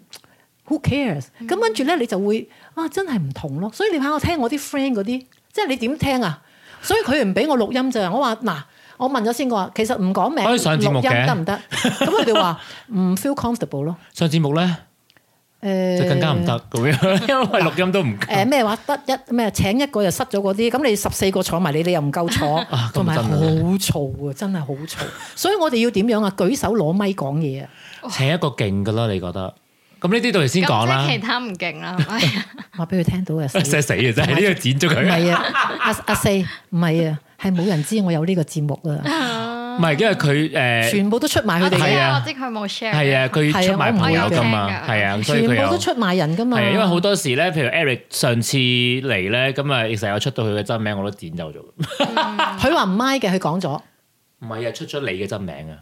who cares？咁跟住咧，你就會。啊，真係唔同咯，所以你睇我聽我啲 friend 嗰啲，即係你點聽啊？所以佢唔俾我錄音咋？我話嗱，我問咗先，我話其實唔講名，可以上節目錄音得唔得？咁佢哋話唔 feel comfortable 咯。上節目咧，誒、欸，就更加唔得咁樣， 因為錄音都唔誒咩話得一咩，請一個又失咗嗰啲，咁你十四個坐埋你，你又唔夠坐，同埋好嘈啊，真係好嘈， 所以我哋要點樣啊？舉手攞咪講嘢啊？請一個勁噶啦，你覺得？咁呢啲到時先講啦。其他唔勁啦，話俾佢聽到嘅，錫死嘅，真係呢個剪咗佢。係啊，阿阿四唔係啊，係冇人知我有呢個節目啊。唔係，因為佢誒全部都出埋佢哋啊。係啊，我知佢冇 share。係啊，佢出埋朋友噶嘛。係啊，所以佢全部都出埋人噶嘛。係啊，因為好多時咧，譬如 Eric 上次嚟咧，咁啊成日有出到佢嘅真名，我都剪走咗。佢話唔 m 嘅，佢講咗。唔係啊，出咗你嘅真名啊。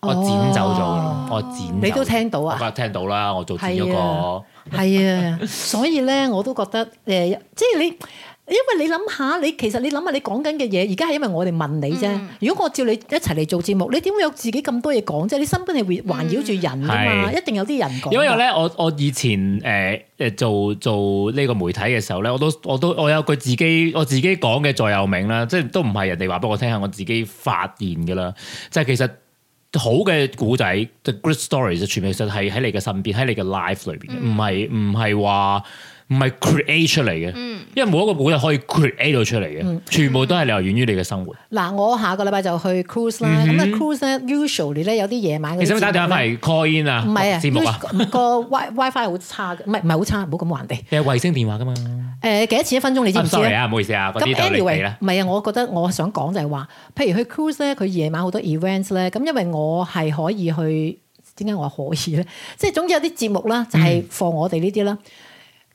我剪走咗，哦、我剪。你都聽到啊？我聽到啦，我做剪咗個。係啊，啊 所以咧，我都覺得誒、呃，即係你，因為你諗下，你其實你諗下，你講緊嘅嘢，而家係因為我哋問你啫。嗯、如果我照你一齊嚟做節目，你點會有自己咁多嘢講啫？你身邊係環繞住人㗎嘛，嗯、是一定有啲人講。因為咧，我我以前誒誒、呃、做做呢個媒體嘅時候咧，我都我都我有個自己我自己講嘅座右銘啦，即係都唔係人哋話俾我聽下，我自己發現㗎啦，即、就、係、是、其實。好嘅古仔，the great stories, s t o r y 就全其實係喺你嘅身邊，喺你嘅 life 裏邊，唔係唔係話。唔係 create 出嚟嘅，嗯、因為冇一個部咧可以 create 到出嚟嘅，嗯、全部都係來源於你嘅生活。嗱、嗯嗯，我下個禮拜就去 cruise 啦、嗯哼，咁啊 cruise 咧，usually 咧有啲夜晚。你想唔想打電話翻 call in 啊？唔係啊，節目啊，個 wi wifi 好差嘅，唔係唔係好差，唔好咁橫地。係衛星電話噶嘛？誒、呃，幾多錢一分鐘？你知唔知啊？唔、啊、好意思啊，Anyway 啦。唔係啊，我覺得我想講就係話，譬如去 cruise 咧，佢夜晚好多 events 咧，咁因為我係可以去，點解我話可以咧？即係總之有啲節目啦、嗯，就係放我哋呢啲啦。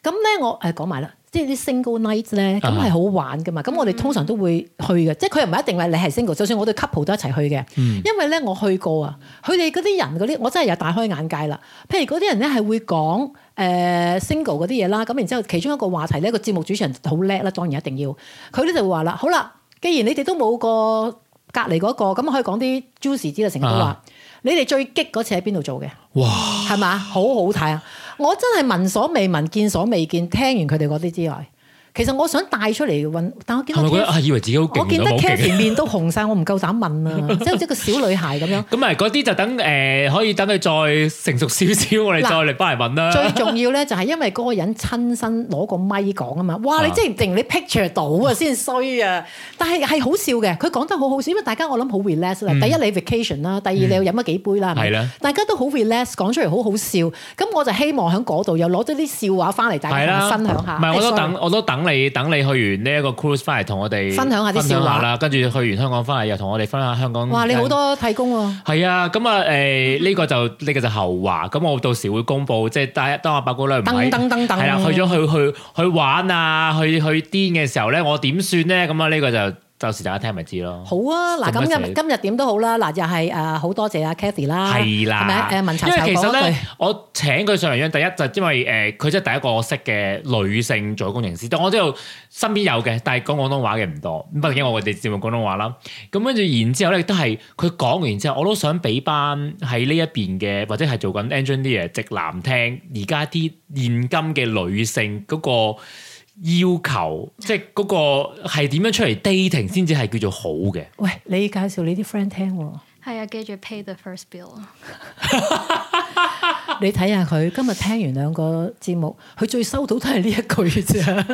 咁咧，我誒、呃、講埋啦，即係啲 single nights 咧，咁係好玩嘅嘛。咁、uh huh. 我哋通常都會去嘅，即係佢又唔係一定話你係 single，就算我對 couple 都一齊去嘅。Uh huh. 因為咧，我去過啊，佢哋嗰啲人嗰啲，我真係又大開眼界啦。譬如嗰啲人咧係會講誒、呃、single 嗰啲嘢啦，咁然之後其中一個話題咧，這個節目主持人好叻啦，當然一定要。佢咧就會話啦：好啦，既然你哋都冇個隔離嗰、那個，咁可以講啲 juicy 之類成日都話、uh huh.，你哋最激嗰次喺邊度做嘅？哇、uh！係、huh. 嘛，好好睇啊！我真係聞所未聞、見所未見，聽完佢哋嗰啲之外。其實我想帶出嚟揾，但我見我覺得啊，以為自己好勁都好。我見得 Cathy 面都紅晒，我唔夠膽問啊，即係好似個小女孩咁樣。咁咪嗰啲就等誒，可以等佢再成熟少少，我哋再嚟翻嚟問啦。最重要咧就係因為嗰個人親身攞個咪講啊嘛，哇！你即係定你 picture 到啊先衰啊，但係係好笑嘅，佢講得好好笑，因為大家我諗好 relax 啦。第一你 vacation 啦，第二你又飲咗幾杯啦，係啦，大家都好 relax，講出嚟好好笑。咁我就希望喺嗰度又攞咗啲笑話翻嚟，大家分享下。唔係我都等，我都等。你等你去完呢一個 cruise 翻嚟同我哋分享下啲笑話啦，跟住去完香港翻嚟又同我哋分享下香港。哇，你好多提供喎。係啊，咁啊，誒，呢、呃呢個就呢、呢個就後話。咁我到時會公布，即係當當阿伯姑娘等等係啦，去咗去去去玩啊，去去癲嘅時候咧，我點算咧？咁啊，呢個就。到時大家聽咪知咯。好啊，嗱，咁今日今日點都好、呃、啦，嗱，又係誒好多謝阿 Kathy 啦，係咪？誒問查查房。朝朝那個、因為其實咧，對 我請佢上嚟咁，第一就是，因為誒，佢真係第一個我識嘅女性做工程師。但我知道身邊有嘅，但係講廣東話嘅唔多。畢竟我哋節目講廣東話啦。咁跟住然之後咧，亦都係佢講完之後，我都想俾班喺呢一邊嘅或者係做緊 engineer 直男聽而家啲現今嘅女性嗰、那個。要求即係嗰個係點樣出嚟 dating 先至係叫做好嘅。喂，你介紹你啲 friend 聽喎，哦，係啊，記住 pay the first bill 你看看。你睇下佢今日聽完兩個節目，佢最收到都係呢一句啫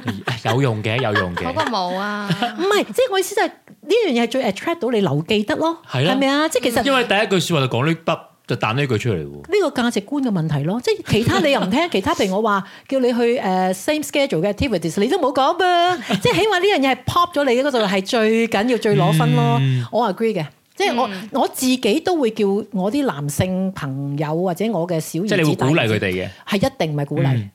。有用嘅，有用嘅，我都冇啊。唔係，即係我意思就係呢樣嘢最 attract 到你留記得咯。係啦的，係咪啊？ 即係其實因為第一句說話就講呢筆。就彈呢句出嚟喎，呢個價值觀嘅問題咯，即係其他你又唔聽，其他譬如我話叫你去誒、uh, same schedule 嘅 activities，你都冇講噃。 即係起碼呢樣嘢係 pop 咗你嗰度係最緊要最攞分咯，嗯、我 agree 嘅。即係我我自己都會叫我啲男性朋友或者我嘅小兒子，即係你會鼓勵佢哋嘅，係一定唔係鼓勵，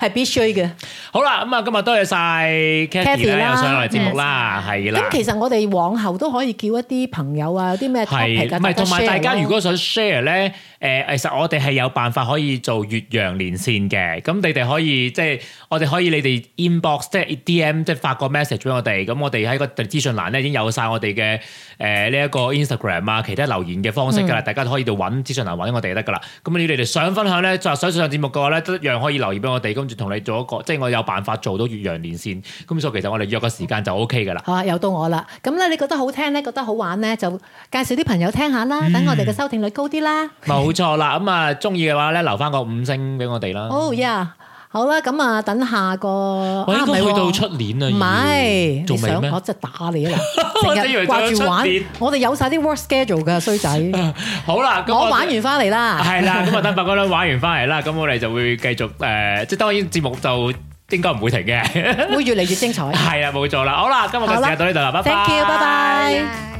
係必須嘅。好啦，咁啊，今日多謝晒 Cathy 啦，又上嚟節目啦，係啦。咁其實我哋往後都可以叫一啲朋友啊，啲咩係唔係？同埋大家如果想 share 咧。誒，其實我哋係有辦法可以做越洋連線嘅，咁你哋可以即係、就是、我哋可以你哋 inbox，即係 DM，即係發個 message 俾我哋，咁我哋喺個資訊欄咧已經有晒我哋嘅誒呢一個 Instagram 啊，其他留言嘅方式噶啦，嗯、大家可以度揾資訊欄揾我哋得噶啦。咁你哋想分享咧，就想上節目嘅話咧，一樣可以留言俾我哋，跟住同你做一個，即、就、係、是、我有辦法做到越洋連線。咁所以其實我哋約個時間就 OK 噶啦。嚇、啊，有到我啦。咁咧，你覺得好聽咧，覺得好玩咧，就介紹啲朋友聽，聽下啦，等我哋嘅收聽率高啲啦。嗯 冇錯啦，咁啊，中意嘅話咧，留翻個五星俾我哋啦。好呀，好啦，咁啊，等下個，我應該去到出年啊，唔係仲未咩？我真係打你啦，成日掛住玩，我哋有晒啲 work schedule 噶衰仔。好啦，我玩完翻嚟啦，係啦，咁啊，等白哥啦，玩完翻嚟啦，咁我哋就會繼續誒，即係當然節目就應該唔會停嘅，會越嚟越精彩。係啊，冇錯啦。好啦，今日就到呢度啦，拜拜。Thank you，拜拜。